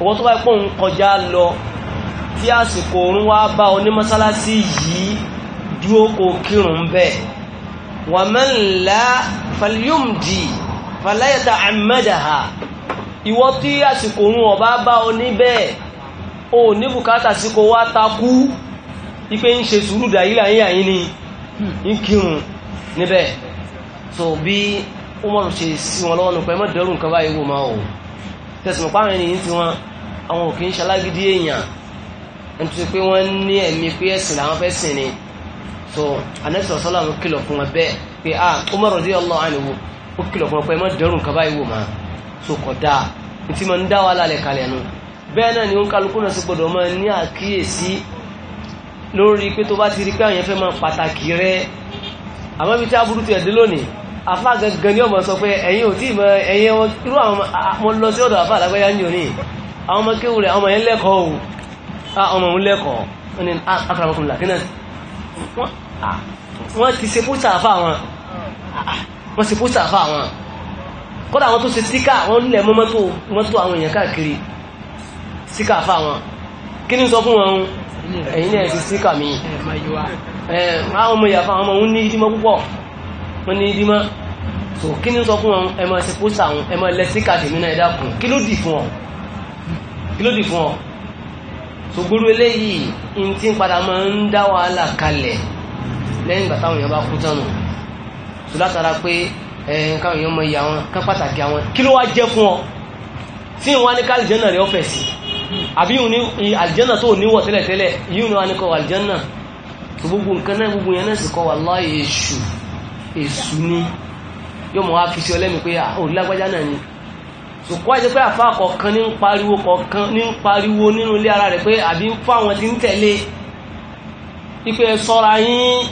owó tó bá pọ̀ ń kọjá lọ tí àsìkò òun wá bá ọ ní mọ́sálásí yìí dúró kò kírun bẹ́ẹ̀ wàmán lá falyumdi falayata amadaha ìwọ tí àsìkò òun ọba bá ọ níbẹ̀ o ní bùkátà sí kó wá takú ipé ń ṣe sùúrù dàílà yíyà yí ni ń kírun níbẹ̀ so bí Umaru ṣe sí wọn lọ́wọ́ nípa ẹmọ́ dẹrù nǹkan báyìí wò máa o tẹ̀sùn pààrin ènìyàn tí wọ́n àwọn òkè ń ṣalágídí èèyàn ẹni tó ṣe pé wọ́n ní ẹ̀mí pé ẹ̀sìn làwọn fẹ́ sìn ni so anẹ́sọ̀ sọ́lá ń kìlọ̀ fún wọn bẹ́ẹ̀ pé a Umar radiyallahu anhu ó kìlọ̀ fún wọn pé ẹ má dẹrù nǹkan báyìí máa so kọ̀ dáa ntí mo ń dá wàhálà lẹ̀ kalẹ̀ nu bẹ́ẹ̀ náà ni ó ń kálukú náà sì gbọ́dọ̀ máa ní àkíyèsí lórí pé tó bá ti rí pé àwọn yẹn fẹ́ máa pàtàkì rẹ àmọ́ ibi tí aburú ti ẹ̀dín lónìí afa gangan ni ọmọ sọ pé ẹ̀yin ò tí ì mọ ẹ̀yin irú àwọn ọmọ lọ sí ọ̀dọ̀ afa àlágbáyà ń yò ní àwọn ọmọ kéwù rẹ̀ ọmọ yẹn lẹ́kọ̀ọ́ o ọmọ òun lẹ́kọ̀ọ́ ó ní akọ̀rọ̀mọkùnrin làkínà Ah, wọ́n ti se pósítà àfà wọn ah, wọ́n se pósítà àfà wọn kódà àwọn tó se síkà wọ́n lẹ̀ mọ́ mọ́tò àwọn èèyàn káàkiri síkà àfà wọn kí ni sọ fún wọn ẹ̀yìn náà ṣe síkà mi àwọn ọmọ ìyàfà àwọn ọmọ òun ní ìdímọ́ púpọ̀ wọ́n ní ìdímọ́ so kí ni sọ fún wọn ẹ máa ṣe pósítà àwọn ẹ máa lẹ síkà tèmi náà ẹ dákun kí ló dì fún ọ kí ló dì fún ọ sògbóró eléyìí ní tí ń padà máa ń dá wàhálà kalẹ̀ lẹ́yìn ìgbà táwọn èèyàn bá kú tán nù tó látara pé ẹ káwọn èèyàn mọ iye àwọn kan pàtàkì àwọn kí ló wá jẹ́ fún ọ tí ìwọ ní ká àlìjẹ́nà rẹ ọ̀fẹ́ sí àbí ìwọ ní àlìjẹ́nà tó níwọ̀ tẹ́lẹ̀tẹ́lẹ̀ yìí ni wọ́n ní kọ́ àlìjẹ́nà gbogbo nǹkan náà gbogbo yẹn náà sì kọ́ wallahi èṣù èṣù ni yóò mọ̀ wá fi sí ọlẹ́mi pé ó lágbájá náà ni sùkúwà jẹ́ pé àfá kọ̀ọ̀kan ní ń pariwo kọ̀ọ̀kan ní ń pariwo nínú ilé ara rẹ̀ pé àbí ń fáwọn tí ń tẹ̀lé ipe sọ́ra yín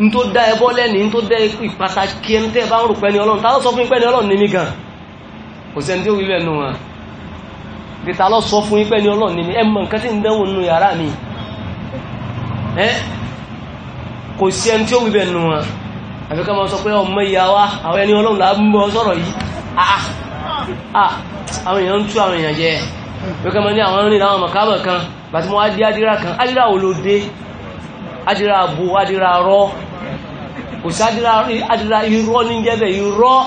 ní tó dá ẹbọ́ lẹ́ni ní tó dá ìpàtàkì ẹni tẹ́ bá ń rò pẹ́ni ọlọ́run tàbí sọ fún pẹ́ni ọlọ́run ní mi gan kò sẹ́ni tí ó wílẹ̀ nù wọn dìtà lọ sọ fún pẹ́ni ọlọ́run ní mi ẹ mọ nǹkan tí ń dẹ́wò nù yàrá mi ẹ kò sí ẹni tí ó wílẹ̀ nù wọn àfikẹ́ mọ sọ pé ọmọ ìyá wa àwọn ẹni ọlọ́run là ń bọ sọ̀rọ̀ Ah, àwọn èèyàn ń tú àwọn èèyàn jẹ wíkẹ́ mọ́ ní àwọn rìn láwọn mọ̀kábọ̀ kan bàtí mo adé adíra kan adíra wo ló dé adíra bo adíra rọ kò sí adíra irọ́ ní jẹ́bẹ̀ irọ́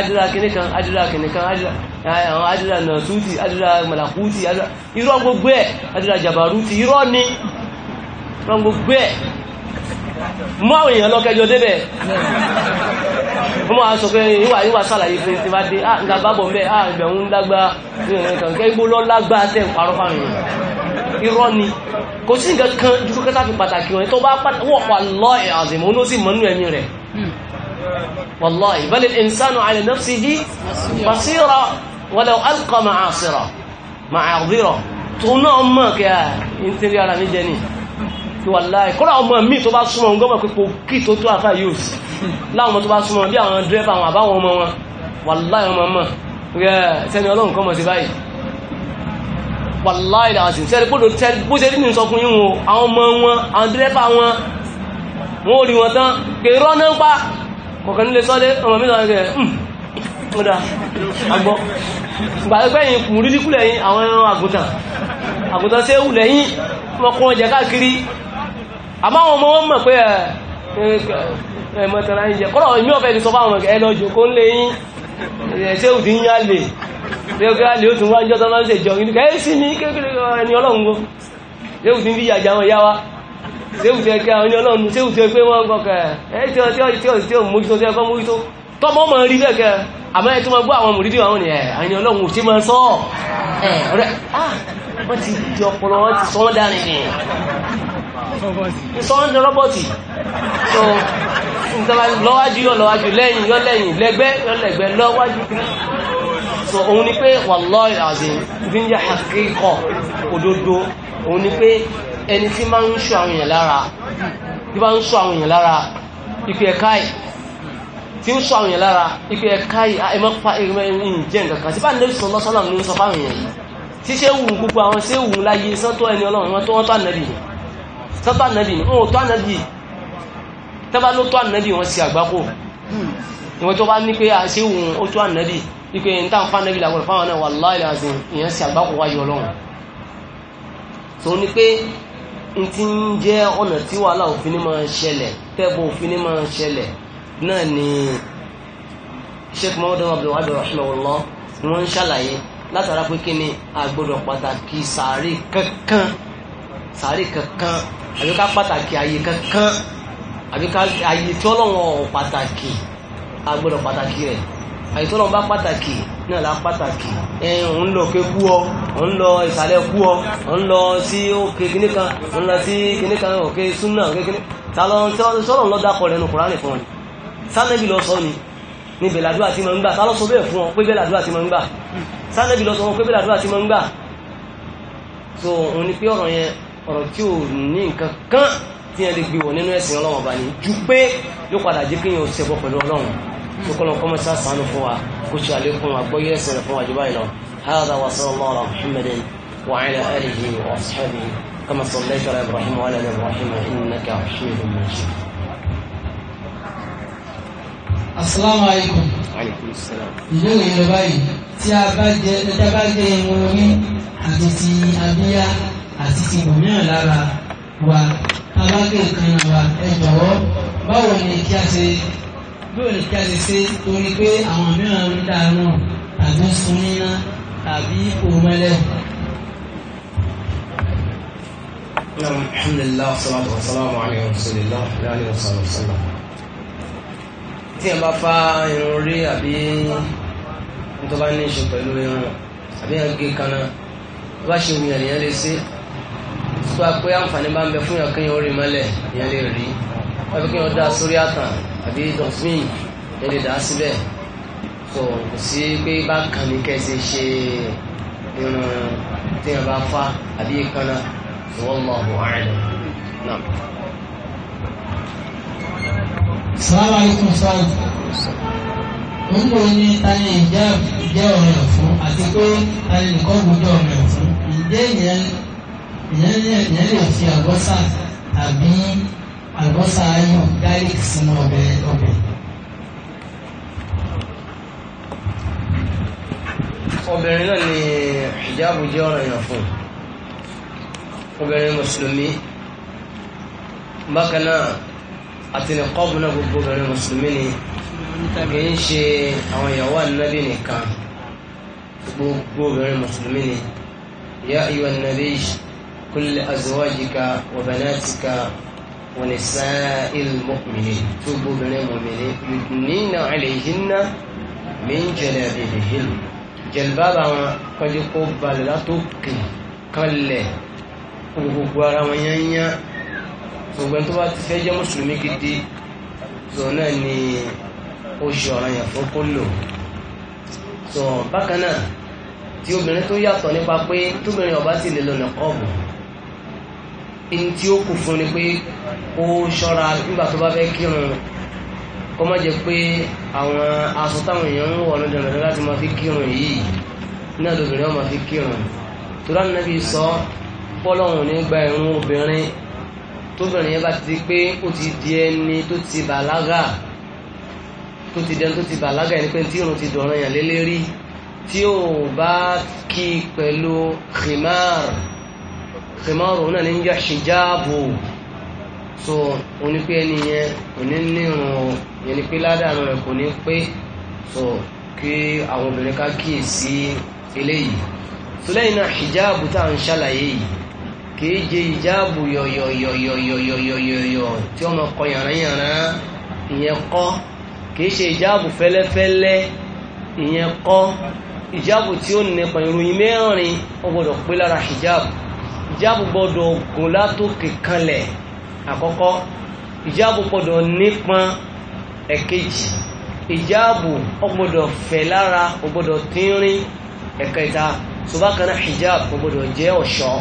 adíra kìnnì kan adíra kìnnì kan adíra nàṣútì adíra màlàkútì irọ́ gbogbo ẹ̀ adíra jàbàrútì irọ́ ni irọ́ gbogbo ẹ̀ mú àwọn èèyàn lọ kẹjọ débẹ̀ wọ́n máa sọ pé ìwà ìwà sàlàyé fún ti bá dé àgbà bábọ̀ mẹ́ àgbà ń lágbà kẹ́ igbó lọ lágbà tẹ́ ìparọ́ fáwọn èèyàn irọ́ ni kò sí nǹkan kan dúdú kẹta fi pàtàkì wọn tó bá wọ̀ pa lọ àzìmọ́ ó ló sì mọ́nú ẹ̀mí rẹ̀ hmm. wallahi bal al-insanu ala nafsihi basira walau alqa ma'asira ma'adira tó náà mọ̀ kí a ń tẹ́lẹ̀ ara mi jẹ ni tó wà láì kọ́lá ọmọ mi tó bá súnmọ́ ń gọ́mọ̀ pé kò kí tó tó àfà yóò sí láwọn ọmọ tó bá súnmọ́ bí àwọn dírẹ́fà àwọn àbáwọn ọmọ wọn wà láì ọmọ mọ̀ rẹ̀ eh, sẹ́ni ọlọ́run kọ́mọ̀ sí báyìí wà láì làwọn sì sẹ́ni gbọ́dọ̀ tẹ́ bó ṣe nínú sọ fún yín wọn àwọn ọmọ wọn àwọn dírẹ́fà wọn wọn ò rí wọn tán kè rọ́ náà pa kọ̀ọ̀kan nílé sọ́dé ọmọ mi lọ́wọ́ rẹ̀ kódà hmm, agbọ́ gbàgbẹ́ yìí kùn rí líkúlẹ̀ yìí àmọ́ àwọn ọmọ wọn mọ̀ pé ẹ eh, eh, eh, mọ̀tara ń jẹ kọ́lọ̀ ìmí ọ̀fẹ́ ti sọ fáwọn ọ̀gá ẹ lọ jòkó ń lé yín ẹ̀ṣẹ́ òdì ń yálè lẹ́gbẹ́ àlè ó tún wá ń jọ́ tán máa ń ṣe jọ nínú kẹ́ẹ́ sí ní kékeré ẹni ọlọ́run gbọ́ ṣéwù ti ń fi yàjà wọn yá wa ṣéwù ti ẹ̀kẹ́ àwọn ọlọ́run ṣéwù ti pé wọ́n gbọ́kẹ́ ẹ̀ tí ọ tí ọ tí àmọ́ ẹ tó gbọ́ àwọn mùrídìí àwọn ẹ̀ àwọn ọlọ́run ò ṣe máa sọ ọ̀rẹ́ ah wọ́n ti di ọpọlọ wọn ti sọ wọ́n sọ́ọ́nù rọ́bọ̀tì so nǹkan lọ́wájú yọ lọ́wájú lẹ́yìn yọ lẹ́yìn lẹ́gbẹ́ yọ lẹ́gbẹ́ lọ́wájú so òun ni pé wallahi azim bí ń yà àkíkọ̀ òdodo òun ni pé ẹni tí máa ń sọ àwọn èèyàn lára tí máa ń sọ àwọn èèyàn lára ipe ẹ̀ka ẹ̀ tí ń sọ àwọn èèyàn lára ipe ẹ̀ka ẹ̀ ẹ̀ máa fa ẹ̀rọ ẹ̀yìn jẹ́ nǹkan kan tí bá nílò sọ́lọ́ sọ́lọ́ ní sọ fáwọn èèyàn yìí tí ṣé wù gbogbo àwọn ṣé wù láyé sọ́tọ̀ ẹni ọlọ́run wọn tó wọ́n tó ànẹ́bì yìí sọ́tọ́ ànábì ní wọn ò tọ́ ànábì tẹ́bá ló tọ́ ànábì wọn sí àgbákò ìwọ́n tó bá ní pé àṣẹ òun ó tọ́ ànábì wípé n táwọn fún ànábì làwọn fáwọn náà wallahi azim ìyẹn sí àgbákò wáyé ọlọ́run tó ní pé n ti ń jẹ́ ọ̀nà tí wàhálà òfin ní máa ṣẹlẹ̀ tẹ́bọ̀ òfin ní máa ṣẹlẹ̀ náà sàárè kankan àbí ká pàtàkì ààyè kankan àbí ká ààyè tí ọlọ́wọ́n pàtàkì a gbọ́dọ̀ pàtàkì rẹ̀ àyè tí ọlọ́wọ́n bá pàtàkì náà la pàtàkì ẹ ń lọ ké kú ọ ń lọ ìsàlẹ̀ kú ọ ń lọ sí òkè kíní kan ń lọ sí kíní kan òkè súnà òkè kíní sàlọ sọlọ ń lọ dákọ rẹ nu Kùránì fún ọ ni sànẹbi lọ sọ ni ní bẹ̀làdúrà tí ma ń gbà tá lọ́sọ bẹ́ẹ̀ fún ọ pé bẹ̀làdúrà tí ma ń lọ sọ wọn pé bẹ̀làdúrà tí ma so òun ni pé ọ̀rọ̀ yẹn ọ̀rọ̀ tí ò ní nǹkan kan tí ẹ lè gbé wọ̀ nínú ẹ̀sìn ọlọ́run ọba ni ju pé yóò padà jẹ́ kéèyàn ó ṣẹbọ pẹ̀lú ọlọ́run tó kọ́ lọ́n kọ́ mọ́sá sànù fún wa kó ṣe àlékún àgbọ́yé ẹ̀sìn rẹ̀ fún wa jù báyìí lọ هذا وصلى الله على محمد وعلى آله وأصحابه كما صليت على إبراهيم وعلى آل إبراهيم إنك حميد مجيد Assalamu alaikum. Alaikum salam. Ìbéèrè Yorùbá tí a bá jẹ ẹja bá jẹ irun orí àti ti abíyá àti ti ìbòmíràn lára wa tábàgé kan wa ẹ jọ̀wọ́ báwo ni kí a ṣe báwo ni kí a ṣe ṣe torí pé àwọn mìíràn ń dànù tàbí sun níná tàbí òmẹlẹ. salamu alayhi wa sallam alayhi wa sallam tí ẹ bá fa irun orí àbí nítorí bá ní í ṣe pẹ̀lú irun àbí ẹ gé kaná bá ṣe wù yàn lè ṣe tó a pé àǹfààní bá ń bẹ fún yàn kéèyàn rí mọ́lẹ̀ ìyẹn lè rí wọ́n fi kéèyàn dá sórí àtàn àbí dọ̀fín ìyẹn lè dá síbẹ̀ tó kò sí pé bákan ní kẹsì ṣe irun téèyàn bá fa àbí ìkànnà tó wọ́n mọ̀ ọ̀hún ààrẹ náà. Assalamu alaikum sáàlù ń bò ní tani ìjẹ́ ọ̀rẹ́ ọ̀fún àti pé tani nìkan gbọ́dọ̀ ọ̀rẹ́ ọ̀fún ìjẹ́ ìyẹn ìyẹn lè fi àlùbọ́sà tàbí àlùbọ́sà ayọ̀ garlic sínú ọbẹ̀ ọbẹ̀. obìnrin náà ni ìjáàbù jẹ́ ọ̀ràn èèyàn fún obìnrin mùsùlùmí bákan náà àti ní kọ́ọ̀bù náà gbogbo obìnrin mùsùlùmí ni kì í ṣe àwọn ìyàwó ànábì nìkan gbogbo obìnrin mùsùlùmí ni ya ayyuhan nabiy. كل أزواجك وبناتك ونساء المؤمنين توبوا بني المؤمنين يدنين عليهن من جلابيبهن جلبابا قد قبل لا تبقي قل gbogbo ara wọn yányá gbogbo ẹni tó bá ti fẹ́ jẹ́ mùsùlùmí gidi tó náà ni ó ṣe ọ̀ràn yẹn fún kó lò tó bákan náà tí obìnrin tó yàtọ̀ nípa pé tóbìnrin ọba ti lè lọ nìkọ́ọ̀bù ẹni tí ó kù fún ni pé ó ṣọ́ra nígbà tó bá fẹ́ kírun kó má jẹ́ pé àwọn aṣọ táwọn èèyàn ń wọ̀ ní dandan láti máa fi kírun yìí náà lóbìnrin wọn máa fi kírun tura nàbí sọ pọ́lọ́hún nígbà ìrun obìnrin tóbìnrin yẹn bá ti pé ó ti di ẹni tó ti bàlágà tó ti di ẹni tó ti bàlágà ẹni pé tí ti dọ̀ràn yàn lélẹ́rí tí ò bá kí pẹ̀lú khimar himaru náà ní ń jẹ́ hijabu so oní pé ẹni yẹn kò ní nírun o yẹn ni pé ládàánú rẹ̀ kò ní pé so kí àwọn obìnrin ká kíyèsí eléyìí so lẹ́yìn náà hijabu tá à ń ṣàlàyé yìí kìí jẹ hijabu yọ̀yọ̀yọ̀yọ̀yọ̀yọ̀yọ̀ tí ọmọ kọ yànrányànrá ìyẹn kọ́ kìí ṣe hijabu fẹ́lẹ́fẹ́lẹ́ ìyẹn kọ́ hijabu tí ó nípa ìròyìn mẹ́rin ó gbọ́dọ̀ pé lára hijabu ìjáàbù gbọ́dọ̀ gùn látòkè kanlẹ̀ àkọ́kọ́ ìjáàbù gbọ́dọ̀ nípọn ẹ̀kejì ìjáàbù ọgbọ́dọ̀ fẹ̀ lára ọgbọ́dọ̀ tínrín ẹ̀kẹta ṣùgbọ́n hijab ọgbọ́dọ̀ jẹ́ ọ̀ṣọ́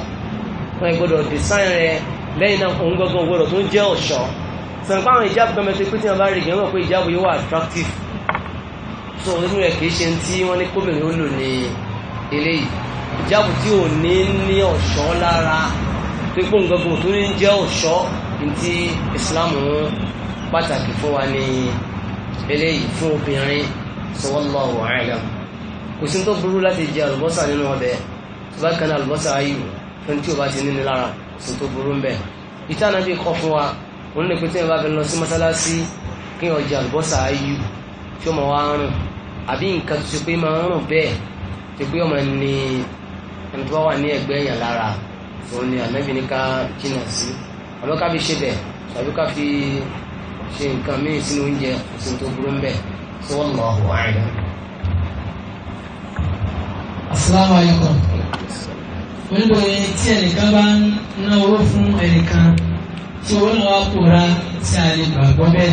wọn gbọ́dọ̀ design rẹ lẹ́yìn náà òun gbọ́gbọ́n gbọ́dọ̀ tó ń jẹ́ ọ̀ṣọ́ sọ̀rọ̀pá àwọn ìjáàbù gbọ́mọ ti pín tí wọ́n bá rí gbẹ́mọ̀ pé ìjáàbù yóò wà attractive so nínú ẹ̀ kìí ṣe tí wọ́n ní kóbìnrin ó lò ní eléyìí ìjáàbù tí ò ní ní ọ̀ṣọ́ lára tó pọ̀ nǹkan tó ní jẹ́ ọ̀ṣọ́ tí Islam ń pàtàkì fún wa ní eléyìí fún obìnrin sallallahu a'lam kò sí tó burú láti jẹ àlùbọ́sà nínú ọbẹ̀ tó bá kan àlùbọ́sà ayò fún tí o bá ti ní ní lára kò sí tó burú ń bẹ̀ ìtànà bí kọ́ fún wa òun ní pété ìbá fi lọ sí mọ́sálásí kí wọ́n jẹ àlùbọ́sà ayò tí ó mọ̀ wá rùn àbí nǹkan tó ṣe pé máa ń rùn bẹ́ẹ̀ tó pé ọmọ ní ẹni tó wà ní ẹgbẹ́ èèyàn lára òun ni ànábì ní ká jìnà sí àmọ́ ká fi ṣe bẹ̀ tàbí ká fi ṣe nǹkan míì sínú oúnjẹ òsì tó burú ń bẹ̀ tí wọ́n lọ wọ̀ àìdá. asalaamu alaykum onílò tí ẹnìkan bá ń ná owó fún ẹnìkan tí owó náà wá pòórá tí a lè gbàgbọ́ bẹ́ẹ̀.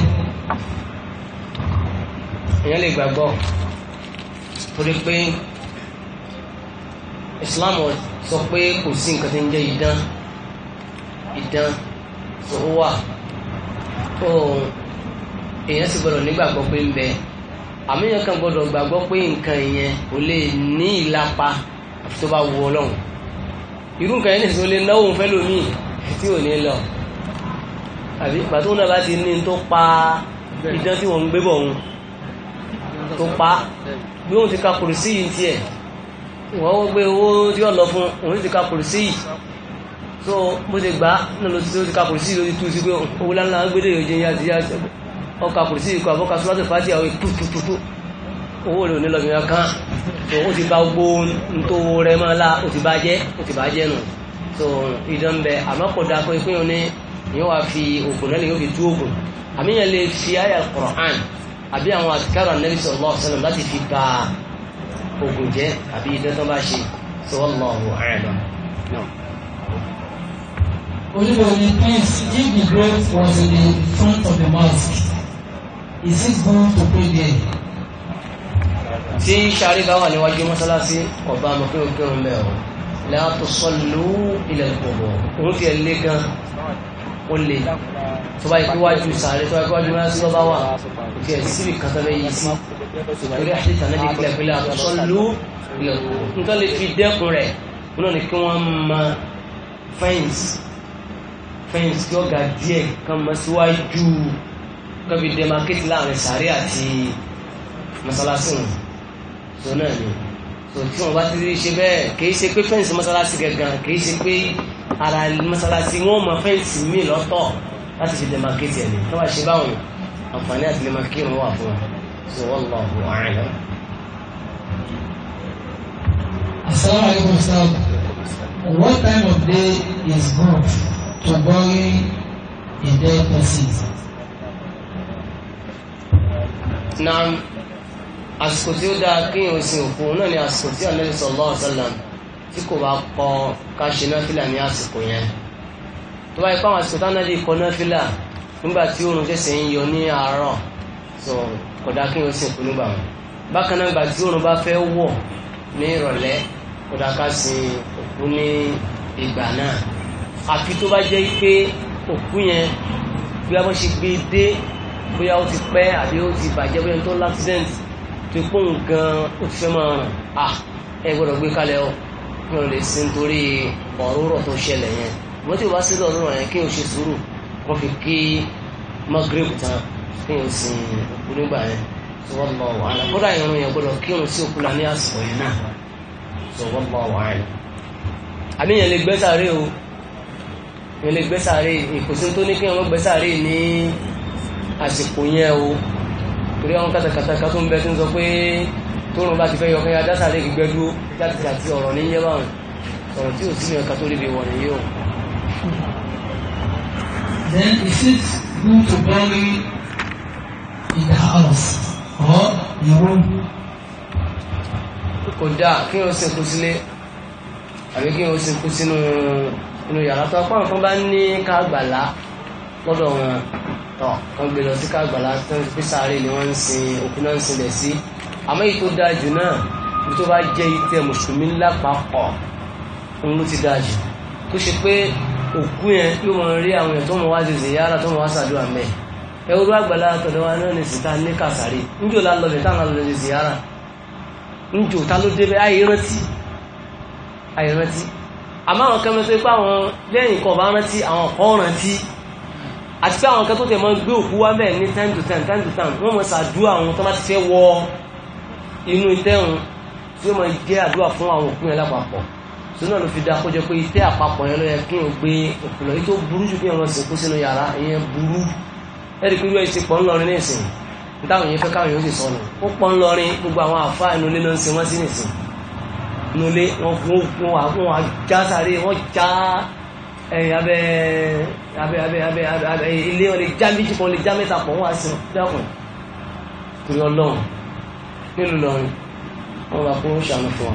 èèyàn lè gbàgbọ́ torí pé islam sọ pé kò sí nǹkan tí ń jẹ́ idán idán tó wà tó èèyàn sì gbọdọ̀ nígbàgbọ́ pé ń bẹ àmìyàn kan gbọdọ̀ gbàgbọ́ pé nǹkan ìyẹn kò lè ní ìlapa àti tó bá wu ọlọ́run irú nǹkan yẹn nìsí tó lè náwó fẹ́ lómi tí ò ní lọ àbí ìgbà tó náà bá ti ní tó pa idán tí wọ́n ń gbé bọ̀ òun tó pa bí wọ́n ti ka kùrìsí yìí tiẹ̀ wọ́n wọ́n gbé owó tí ó lọ fún òun ti ka kùrìsí yìí so bó ṣe gbá náà ló ti tó ti ka kùrìsí yìí ló ti tú sí pé owó lánàá gbédè yóò jẹ yáàtì yáàtì ọkà kùrìsí yìí kọ àbọ̀ka sọ́láṣẹ fàájì àwọn ìtútútú owó rẹ̀ ò ní lọ́gbìn kan so ó ti bá gbó ntòwó rẹ̀ mọ́ la ó ti bá jẹ́ ó ti bá jẹ́ nù so ìdán bẹ àmọ́ kò dáa pé pín òní yóò wá fi oògùn náà lè yóò fi tú oògùn àmì yẹn lè fi àyà Kùránì àbí àwọn àtikárò ànẹ́bí sallallahu alaihi láti fi bá ogun jẹ́ àbí iṣẹ́ tó bá ṣe wallahu a'lam. Olúborí please if the grave was in the front of the mosque is it good to pray there? Tí sáré bá wà níwájú mọ́sálásí ọba àmọ́ pé òkè òun bẹ́ẹ̀ o la tusallu ila al-qubur òun ti ẹ̀ lé gan ó lè tó bá yẹ kí wájú sáré tó bá yẹ kí wájú mọ́sálásí lọ́ba wà òkè síbi kan tó bẹ́ yí sí torí àṣìṣà náà ti kílẹ̀ pẹ̀lú àtúnṣọ́lú nǹkan lè fi dẹ́kun rẹ̀ wọn ni kí wọ́n ma fẹ́ǹsì fẹ́ǹsì tí ó ga díẹ̀ kan mọ́ síwájú kọ́bi dẹ́mákétì láàrin sàárẹ̀ àti masalasi wọn so náà ni so tí wọn bá ti rí ṣe bẹ́ẹ̀ kì í ṣe pé fẹ́ǹsì masalasi gangan kì í ṣe pé ara masalasi wọn ma fẹ́ǹsì míì lọ́tọ̀ láti ṣe dẹ́mákétì ẹ̀ ní tó bá ṣe báwọn àǹfààní àti dẹ́mákétì wọn wà fún wọn. والله أعلم Assalamu alaikum sir. What time of day is good to bury a dead person? Naam, àsìkò tí ó dáa kí o sin òkú náà ni àsìkò tí Ànábì sallallahu alaihi wasallam tí kò bá kọ ká ṣe náfìlà ní àsìkò yẹn. Tó bá ipá àwọn àsìkò tí Ànábì kọ náfìlà nígbà tí oòrùn ṣẹ̀ṣẹ̀ ń yọ ní àárọ̀. So kódà kí wọ́n sìnkú nígbà wọn bákan náà gbà tí òun bá fẹ́ wọ̀ ní ìrọ̀lẹ́ kódà ká sin òkú ní ìgbà náà àfi tó bá jẹ́ pé òkú yẹn bí wọ́n ṣe gbé dé bóyá ó ti pẹ́ àbí ó ti bàjẹ́ bóyá tó l'accident tó pọ̀ gan ó ti fẹ́ máa ràn à ẹ gbọ́dọ̀ gbé kalẹ̀ ọ kí wọ́n lè sí nítorí ọ̀rọ̀ tó ṣẹlẹ̀ yẹn wọ́n ti wá sí ọ̀rọ̀ yẹn kí wọ́n ṣe sùúrù wọ́n fi kí mọ́gírèbù tán kí n òkú nígbà yẹn wọ́n lọ kódà ìrún yẹn gbọ́dọ̀ kí irun sí òkú la ní àsìkò yẹn náà sọ wọ́n lọ àmì yẹn lè gbẹ́ sàárè o yẹn lè gbẹ́ sàárè ìkòsí tó ní kí irun gbẹ́ sàárè ní àsìkò yẹn o torí àwọn kàtàkàtà kan tó ń bẹ tó ń sọ pé tóorùn bá ti fẹ́ yọ kẹ́yà dásàlẹ̀ gbígbẹ́ dúró láti àti ọ̀rọ̀ ní yẹ́ báwọn Then he sits good to bury in the house or your room. kò dáa kí wọ́n sìnkú sílé àbí kí wọ́n sìnkú sínú inú yàrá tó apá nǹkan bá ní kágbàlá lọ́dọ̀ wọn tọ̀ wọ́n gbé lọ sí kágbàlá tó ń fi sáré ni wọ́n ń sin òkú náà ń sin lẹ̀ sí àmọ́ èyí tó dáa jù náà ibi tó bá jẹ́ ìtẹ́ mùsùlùmí lápapọ̀ òun ló ti dáa jù tó ṣe pé òkú yẹn yóò máa rí àwọn èèyàn tó mọ̀ wá ṣe ṣe yàrá tó mọ̀ wá ṣàdúrà mẹ́ẹ̀ ẹwúrú àgbàlá tọ̀dọ̀ wa náà ní síta ní kàsàrí níjò lálọ́bẹ̀ táwọn lọ lè ziyara níjò ta ló débẹ̀ àìrántí àìrántí àmọ́ àwọn kẹmẹ́ tó pé àwọn lẹ́yìn kan bá rántí àwọn kan rántí àti pé àwọn kan tó tẹ̀ mọ́ gbé òkú wá bẹ́ẹ̀ ní time to time time to time wọ́n mọ̀ sàdúrà àwọn tó bá ti fẹ́ wọ inú ìtẹ́hùn tí ó mọ̀ jẹ́ àdúrà fún àwọn òkú yẹn lápapọ̀ tó náà ló fi dáa kó jẹ́ pé ìtẹ́ àpapọ̀ yẹn ló kí n gbé òkú lọ èyí tó burú jù kí n lọ sìnkú sínú yàrá ìyẹn burú ẹ̀rí pé irú ẹ̀ ṣe pọ̀ ńlọrin nísìn nítawọn yẹn fẹ́ káwọn yóò sì sọnù ó pọ̀ ńlọrin gbogbo àwọn àfa inú ilé ló ń sin wọ́n sí nìsín inú ilé wọn fún wọn wà wọn wà já sáré wọn já ẹyìn abẹ abẹ abẹ abẹ abẹ ilé wọn lè já méjì pọ̀ wọn lè já mẹ́ta pọ̀ wọn wà dákun torí ọlọ́run nílùú lọrin wọn bá kó ṣàánú fún wa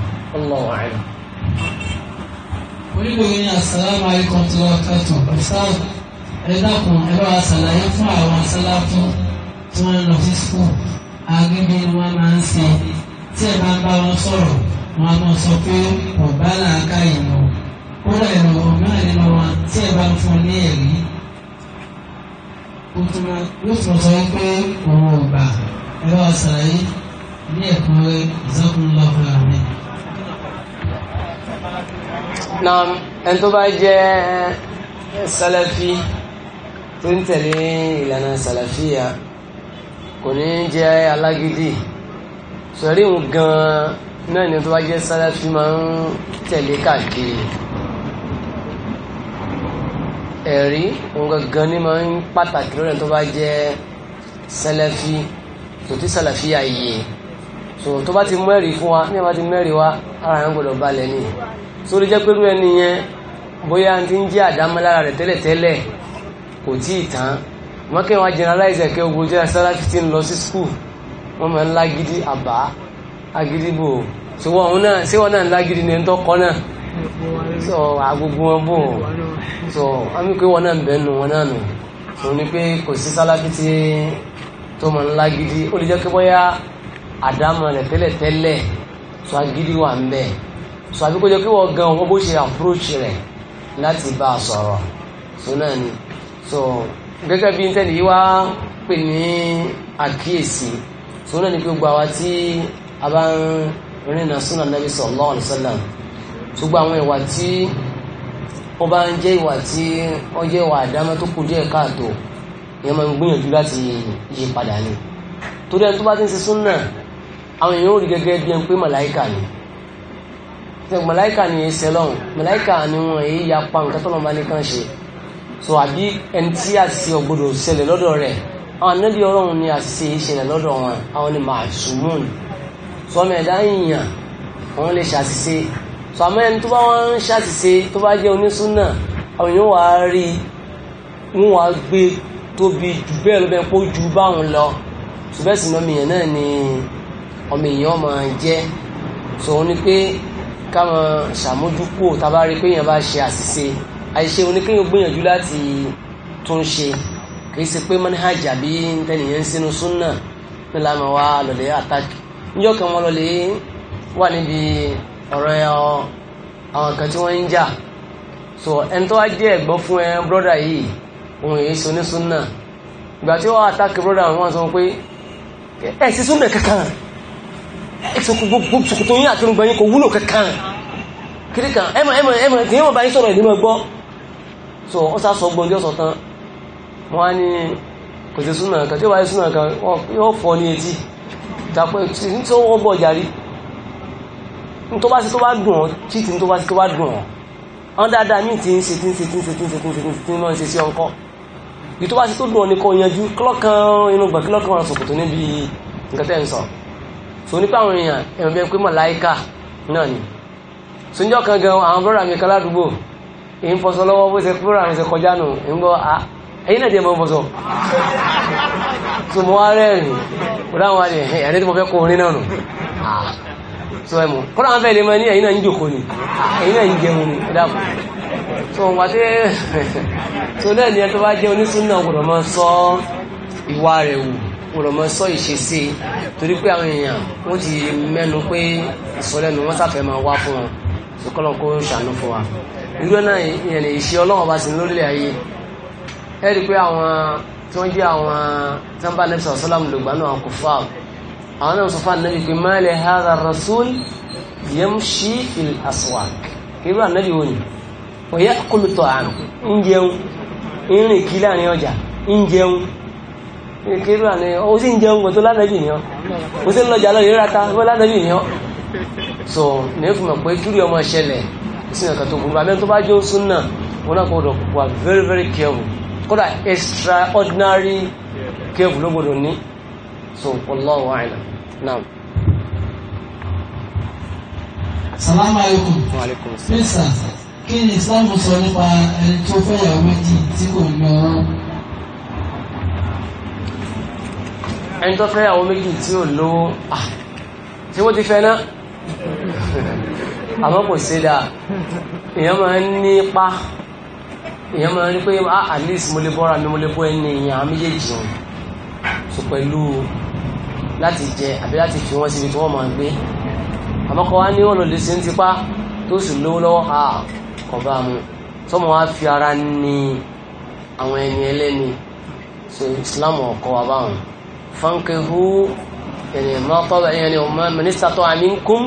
ọlọ́run àìrìn. onígbòmí ni assalamu alaikum tó wà kàtó ọ̀sán ẹ dákun ẹ bá wa ṣàlàyé fún àwọn sáláfún tí wọ́n ń lọ sí skul agídí ni wọ́n máa ń ṣe tí ẹ bá ń bá wọn sọ̀rọ̀ wọn a máa sọ pé ọ̀bá làákà ìmọ̀ kódà ìrọ̀ mìíràn nínú wọn tí ẹ bá ń fún ní ẹ̀rí ó tún máa yóò tún sọ pé òun ò gbà ẹ bá wa ṣàlàyé ní ẹ̀kọ́ rẹ ìsọkúnlá fúlà naam ẹni tó bá jẹ́ sálẹ́fì tó ń tẹ̀lé ìlànà sàlàfíà kò ní jẹ́ alágídí sọ̀rí òun gan-an náà ni tó bá jẹ́ sàlàfí máa ń tẹ̀lé káàkiri ẹ̀rí òun gangan ni máa ń pàtàkì lọ́dọ̀ tó bá jẹ́ sàlàfí tòtí sàlàfí ààyè so tó bá ti mẹ́rìí fún wa ní ẹ̀ bá ti mẹ́rìí wa ara yẹn gbọ́dọ̀ balẹ̀ ni so lè jẹ́ pé irú ẹni yẹn bóyá ti ń jẹ́ àdámọ́ rẹ̀ tẹ́lẹ̀tẹ́lẹ̀ kò tí ì tán wọ́n kí wọ́n generalize ẹ̀kẹ́ ogun jẹ́ sálàfì tí ń lọ sí school wọ́n máa ń lágídí àbá agídí bò ṣùgbọ́n òun náà ṣé wọ́n náà ń lágídí ní ẹ̀ńtọ́kọ́ náà sọ agogo wọn bò sọ àmì pé wọ́n náà ń bẹ́ẹ̀ nù wọ́n náà nù òun ni pé kò sí sálàfì tí tó máa ń lágídí ó lè jẹ́ pé bóyá àdámọ̀ rẹ̀ tẹ́lẹ̀tẹ́lẹ̀ sọ agídí wà ń bẹ̀ sọ àbíkójọ pé wọ́n gan owó bó ṣe approach rẹ̀ láti bá a sọ̀rọ̀ sọ náà ni so gẹ́gẹ́ bí tẹ́lẹ̀ yìí wá pè ní àkíyèsí so náà ni pé gbogbo àwa tí a bá ń rìnà súnà nàbí sallallahu alaihi wasallam ṣùgbọ́n àwọn ìwà tí ó bá ń jẹ́ ìwà tí ó jẹ́ ìwà àdámọ́ tó kù díẹ̀ káàtó ìyẹn máa ń gbìyànjú láti yí padà ni torí ẹni tó bá ti ń ṣe súnà àwọn èèyàn ò rí gẹ́gẹ́ bí ẹni pé màláìkà ni màláìkà ni èsẹ̀ lọ́hùn màláìkà ni wọn èyí ya pa nǹkan tó lọ́n so àbí ẹni tí àṣìṣe ọ̀gbọ́dọ̀ ṣẹlẹ̀ lọ́dọ̀ rẹ̀ àwọn anábì ọlọ́run ni àṣìṣe ṣẹlẹ̀ lọ́dọ̀ wọn àwọn ni màṣúmùn sọmọ ẹ̀dá yìnyàn wọn lè ṣàṣìṣe so àmọ́ ẹni tó bá wọn ń ṣàṣìṣe tó bá jẹ́ onísúnà àwọn èèyàn wàá rí wọn wàá gbé tóbi jù bẹ́ẹ̀ ló bẹ́ẹ̀ ju báwọn lọ ṣùgbọ́n sì mọ́ náà ni ọmọ èèyàn máa jẹ́ so ó ní pé káwọn ṣàmójúkú tá a bá rí pé èèyàn bá ṣe àṣìṣe àìṣe oníkéyàn gbìyànjú láti tún ṣe kì í ṣe pé manhaj àbí tẹnìyàn sínú súnà ní lànà wa lọ́lẹ̀ àtàkì níjọ́ kan wọ́n lọ́lẹ̀ wà níbi ọ̀rọ̀ àwọn kan tí wọ́n ń jà so ẹni tó wá jẹ́ ẹ̀gbọ́n fún ẹ brọ́dà yìí òun èyí so ní súnà ìgbà tí wọ́n àtàkì brọ́dà wọn sọ pé ẹ sí súnà kankan ẹ sọ gbogbo sòkòtò yín àti irùngbọ̀n yín kò wúlò kankan kiri kan ẹ mọ̀ ẹ mọ̀ ẹ mọ̀ kì í mọ̀ bá yín sọ̀rọ̀ ìdí so ó sá sọ gbọ́ndé ọ̀sán tán wọ́n á ní kò sí súnà kan tí ó bá yẹ súnà kan yóò fọ́ ní etí ìtàpẹ́ tí ó wọ́n bọ̀ jàrí tó bá sí tó bá dùn ọ́ tí tí tó bá sí tó bá dùn ọ́ àwọn dáadáa míì ti ń ṣe tí ń ṣe tí ń ṣe tí ń ṣe tí ń ṣe tí ń ṣe tí ń ṣe sí ọkọ́ bí tó bá sí tó dùn ọ́ ní kò yanjú kílọ̀kan inú gbà kílọ̀kan wọn sòkòtò níbi nǹkan tẹ́ ń sọ so nípa àwọn èèyàn ẹ̀rọ bẹ́ẹ̀ pé màláìkà náà ni so níjọ́ kan gan àwọn bọ́dà mi kan ládùúgbò èyí ń fọṣọ lọ́wọ́ bó ṣe kúrò àrùn ṣe kọjá nù ń gbọ́ ẹ̀yìn náà dé mọ́ fọṣọ tó mọ́ rẹ́rìn kúrò àwọn tí mo fẹ́ kó orin náà nù tó ẹ̀mù kúrò àwọn fẹ́ lè mọ ní ẹ̀yìn náà ń jòkó ni ẹ̀yìn náà ń jẹun ni ẹ dàpọ̀ tó wà dé tó náà ni ẹ tó bá jẹ́ onísùnà gbọ́dọ̀ mọ́ sọ ìwà rẹ̀ wù gbọ́dọ̀ mọ́ sọ ìṣesí torí pé àwọn èèyàn wọ́n ti mẹ́nu pé ìsọlẹ́nu wọ́n sáfẹ́ máa wá fún wọn ṣùkọ́lọ́ kó ṣàánú fún wa níjọ́ náà ìyẹn lè ṣe ọlọ́run ọba sí lórílẹ̀ ayé ẹ rí i pé àwọn tí wọ́n jẹ́ àwọn tánbà nẹ́bí sọ̀rọ̀ sọ́làmù lògbà náà kò fà àwọn náà sọ fún ànábì pé má lè ha ra rasul yamshi fil aswaq kébí ànábì wò ni wọ́n yẹ kólútọ̀ àrùn ń jẹun ń rìn láàrin ọjà ń jẹun kéru àná ó sì ń jẹun kò tó lánàbì ni ọ ó sì ń lọjà lọ ìrírata ó lánàbì ni ọ so ní fún mi sí nǹkan tó burú abẹ́ni tó bá jó súnà wọn náà gbọ́dọ̀ wà very very careful kódà extraordinary careful ló gbọ́dọ̀ ní so wallahu a'lam naam. salamu alaykum. wa alaykum salaam. mesa kí ni islam sọ nípa ẹni tó fẹ́ yàwó méjì tí kò ní ọ̀rọ̀. ẹni tó fẹ́ yàwó méjì tí ò lówó tí ah, wọ́n ti fẹ́ náà àmọ́ kò sí dáa èèyàn máa ń ní pa èèyàn máa ń rí pé at least mo lè bọ́ra mi mo lè bọ́ ẹni èèyàn àwọn méjèèjì o so pẹ̀lú láti jẹ àbí láti fi wọ́n síbi tí wọ́n máa gbé àmọ́ kọ́ wá ní ọ̀nà lè ṣe ń tipa tó sì lówó lọ́wọ́ à kọ̀ bá mu tọ́mọ wá fi ara ní àwọn ẹni ẹlẹ́ni so Islam ọ̀kọ́ wa báwọn fankihu ẹni mọ́tọ́ ẹni ọmọ mínísítà tó àmì ń kún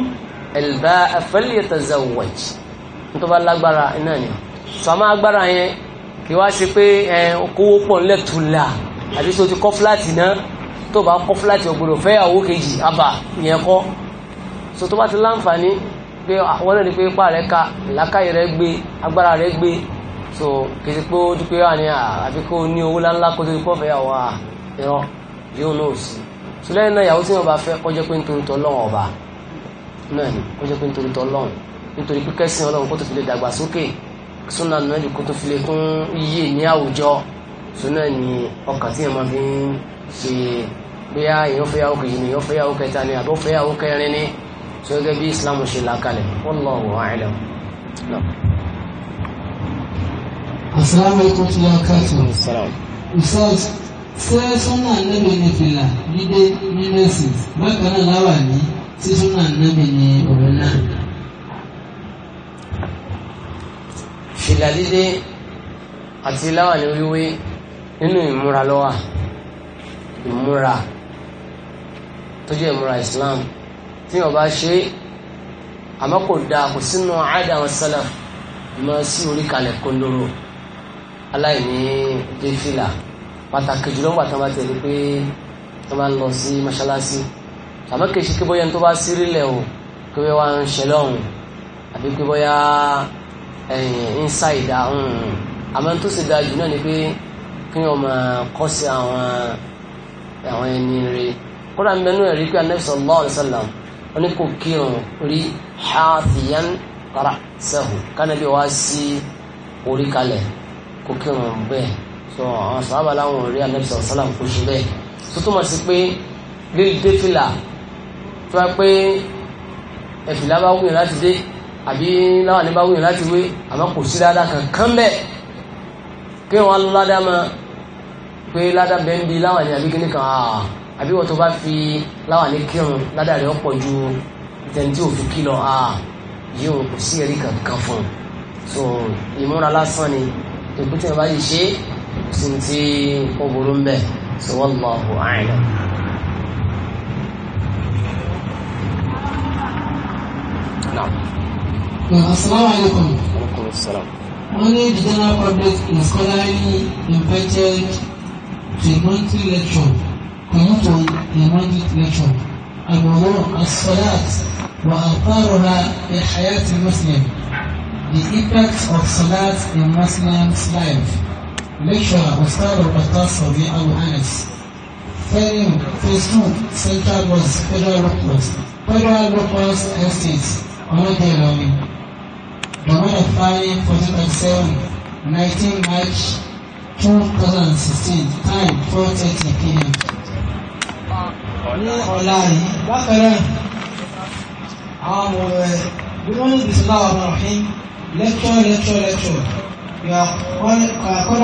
ẹ̀lbá falyatazawwaj tó bá lágbára iná ni sọmọ agbára yẹn kí wá sí pé kówó pọ̀ ńlẹ̀ tó la àbí tó ti kọ́ fúláàtì náà tó bá kọ́ fúláàtì ọ̀gbọ̀dọ̀ fẹ́yàwó kejì àbà ìyẹn kọ́ so tó bá ti láǹfààní pé wọ́n lè ní pé ipá rẹ̀ ka làákàyè rẹ̀ gbé agbára rẹ̀ gbé so kìí pé ó dúpẹ́ wà ní àbí kó ní owó láńlá kó tó kọ́ fẹ́yàwó à ìran yóò náà sí so lẹ́yìn náà ìyàwó tí wọ́n fẹ́ kọjá pé nítorí tọ́ lọ́wọ́ ọba náà ni kó jẹ́ pé nítorí tọ́lọ́run nítorí pé kẹ́sìn ọlọ́run kó tó fi lè dàgbàsókè súnà nàbì kó tó fi lè tún yíyè ní àwùjọ súnà ni ọkàn tí yẹn máa fi ń ṣe bóyá èèyàn fẹ́ yàwó kejì ni èèyàn fẹ́ yàwó kẹta ni àbọ̀ fẹ́ yàwó kẹrin ni tí ó gẹ́gẹ́ bí Islam ṣe là kalẹ̀ wallahu a'lam. asalaamualeykum tula kaatu. usas ṣé súnà nàbì ní fìlà dídé nínú ẹ̀sìn bákan náà láwà ní tí súnà nábì ni òun náà. fìlà dídé àti láwàní wíwé nínú ìmúra ló wà ìmúra tó jẹ́ ìmúra Islam tí wọ́n bá ṣe àmọ́ kò dáa kò sínú àádá àwọn sálà mọ́ sí orí kalẹ̀ kóńdóró aláìní dé fìlà pàtàkì jùlọ wà tó bá tẹ̀lé pé tó bá ń lọ sí mọ́ṣáláṣí àmọ́ kì í ṣe kí bóyá tó bá sírí lẹ̀ o kí wọ́n wá ń ṣe lọ́hùn àbí kí bóyá ń sá ìdá àmọ́ tó sì dáa jù náà ni pé kí wọ́n máa kọ́ sí àwọn àwọn ẹni rẹ̀ kódà mẹ́nu ẹ̀rí pé anabi sallallahu alayhi sallam wọn ni kò kírun rí hafiyan para sẹ́hùn kánàbí wá sí orí kalẹ̀ kò kírun bẹ́ẹ̀ so àwọn sábà láwọn rí anabi sallallahu sallam kò ṣe bẹ́ẹ̀ tó túmọ̀ sí pé lílù dé fìlà tó wá pé ẹ̀fìlà bá wúyàn láti dé àbí láwọn ní bá wúyàn láti wé àmọ́ kò sí ládàá kankan bẹ́ẹ̀ kí wọ́n lọ ládàá mọ́ pé ládàá bẹ́ẹ̀ ń bi láwọn ní àbí kíní kan àbí wọ́n tó bá fi láwọn ní kírun ládàá rẹ̀ pọ̀ ju ìtẹ̀ntì òfin kí lọ yóò kò sí ẹ̀rí kankan fún un so ìmúra lásán ni tòkútẹ̀ bá yìí ṣe é sí ti ó burú ń bẹ̀ so wallahu a'lam. نعم السلام عليكم وعليكم السلام Only the general public in scholarly invited to a monthly lecture, conducted a monthly lecture, الموضوع الصلاة وأثارها في حياة المسلم. The impact of Salat in Muslim's life. Lecturer Ustaz Al-Battar Saudi Al-Anas. Phase 2, Central was Federal Workforce. Federal Workforce Estates. ọlọ́dẹ ìlọrin dọ̀mọ́dà fáyé fourteen thirty seven nineteen march two thousand and sixteen time four thirty pm. ní ọ̀la yìí bákẹ́rẹ́ àwọn ọmọ rẹ̀ bí wọ́n ní bisimilá ọ̀rọ̀ ọ̀hín lecture lecture lecture yà kọ́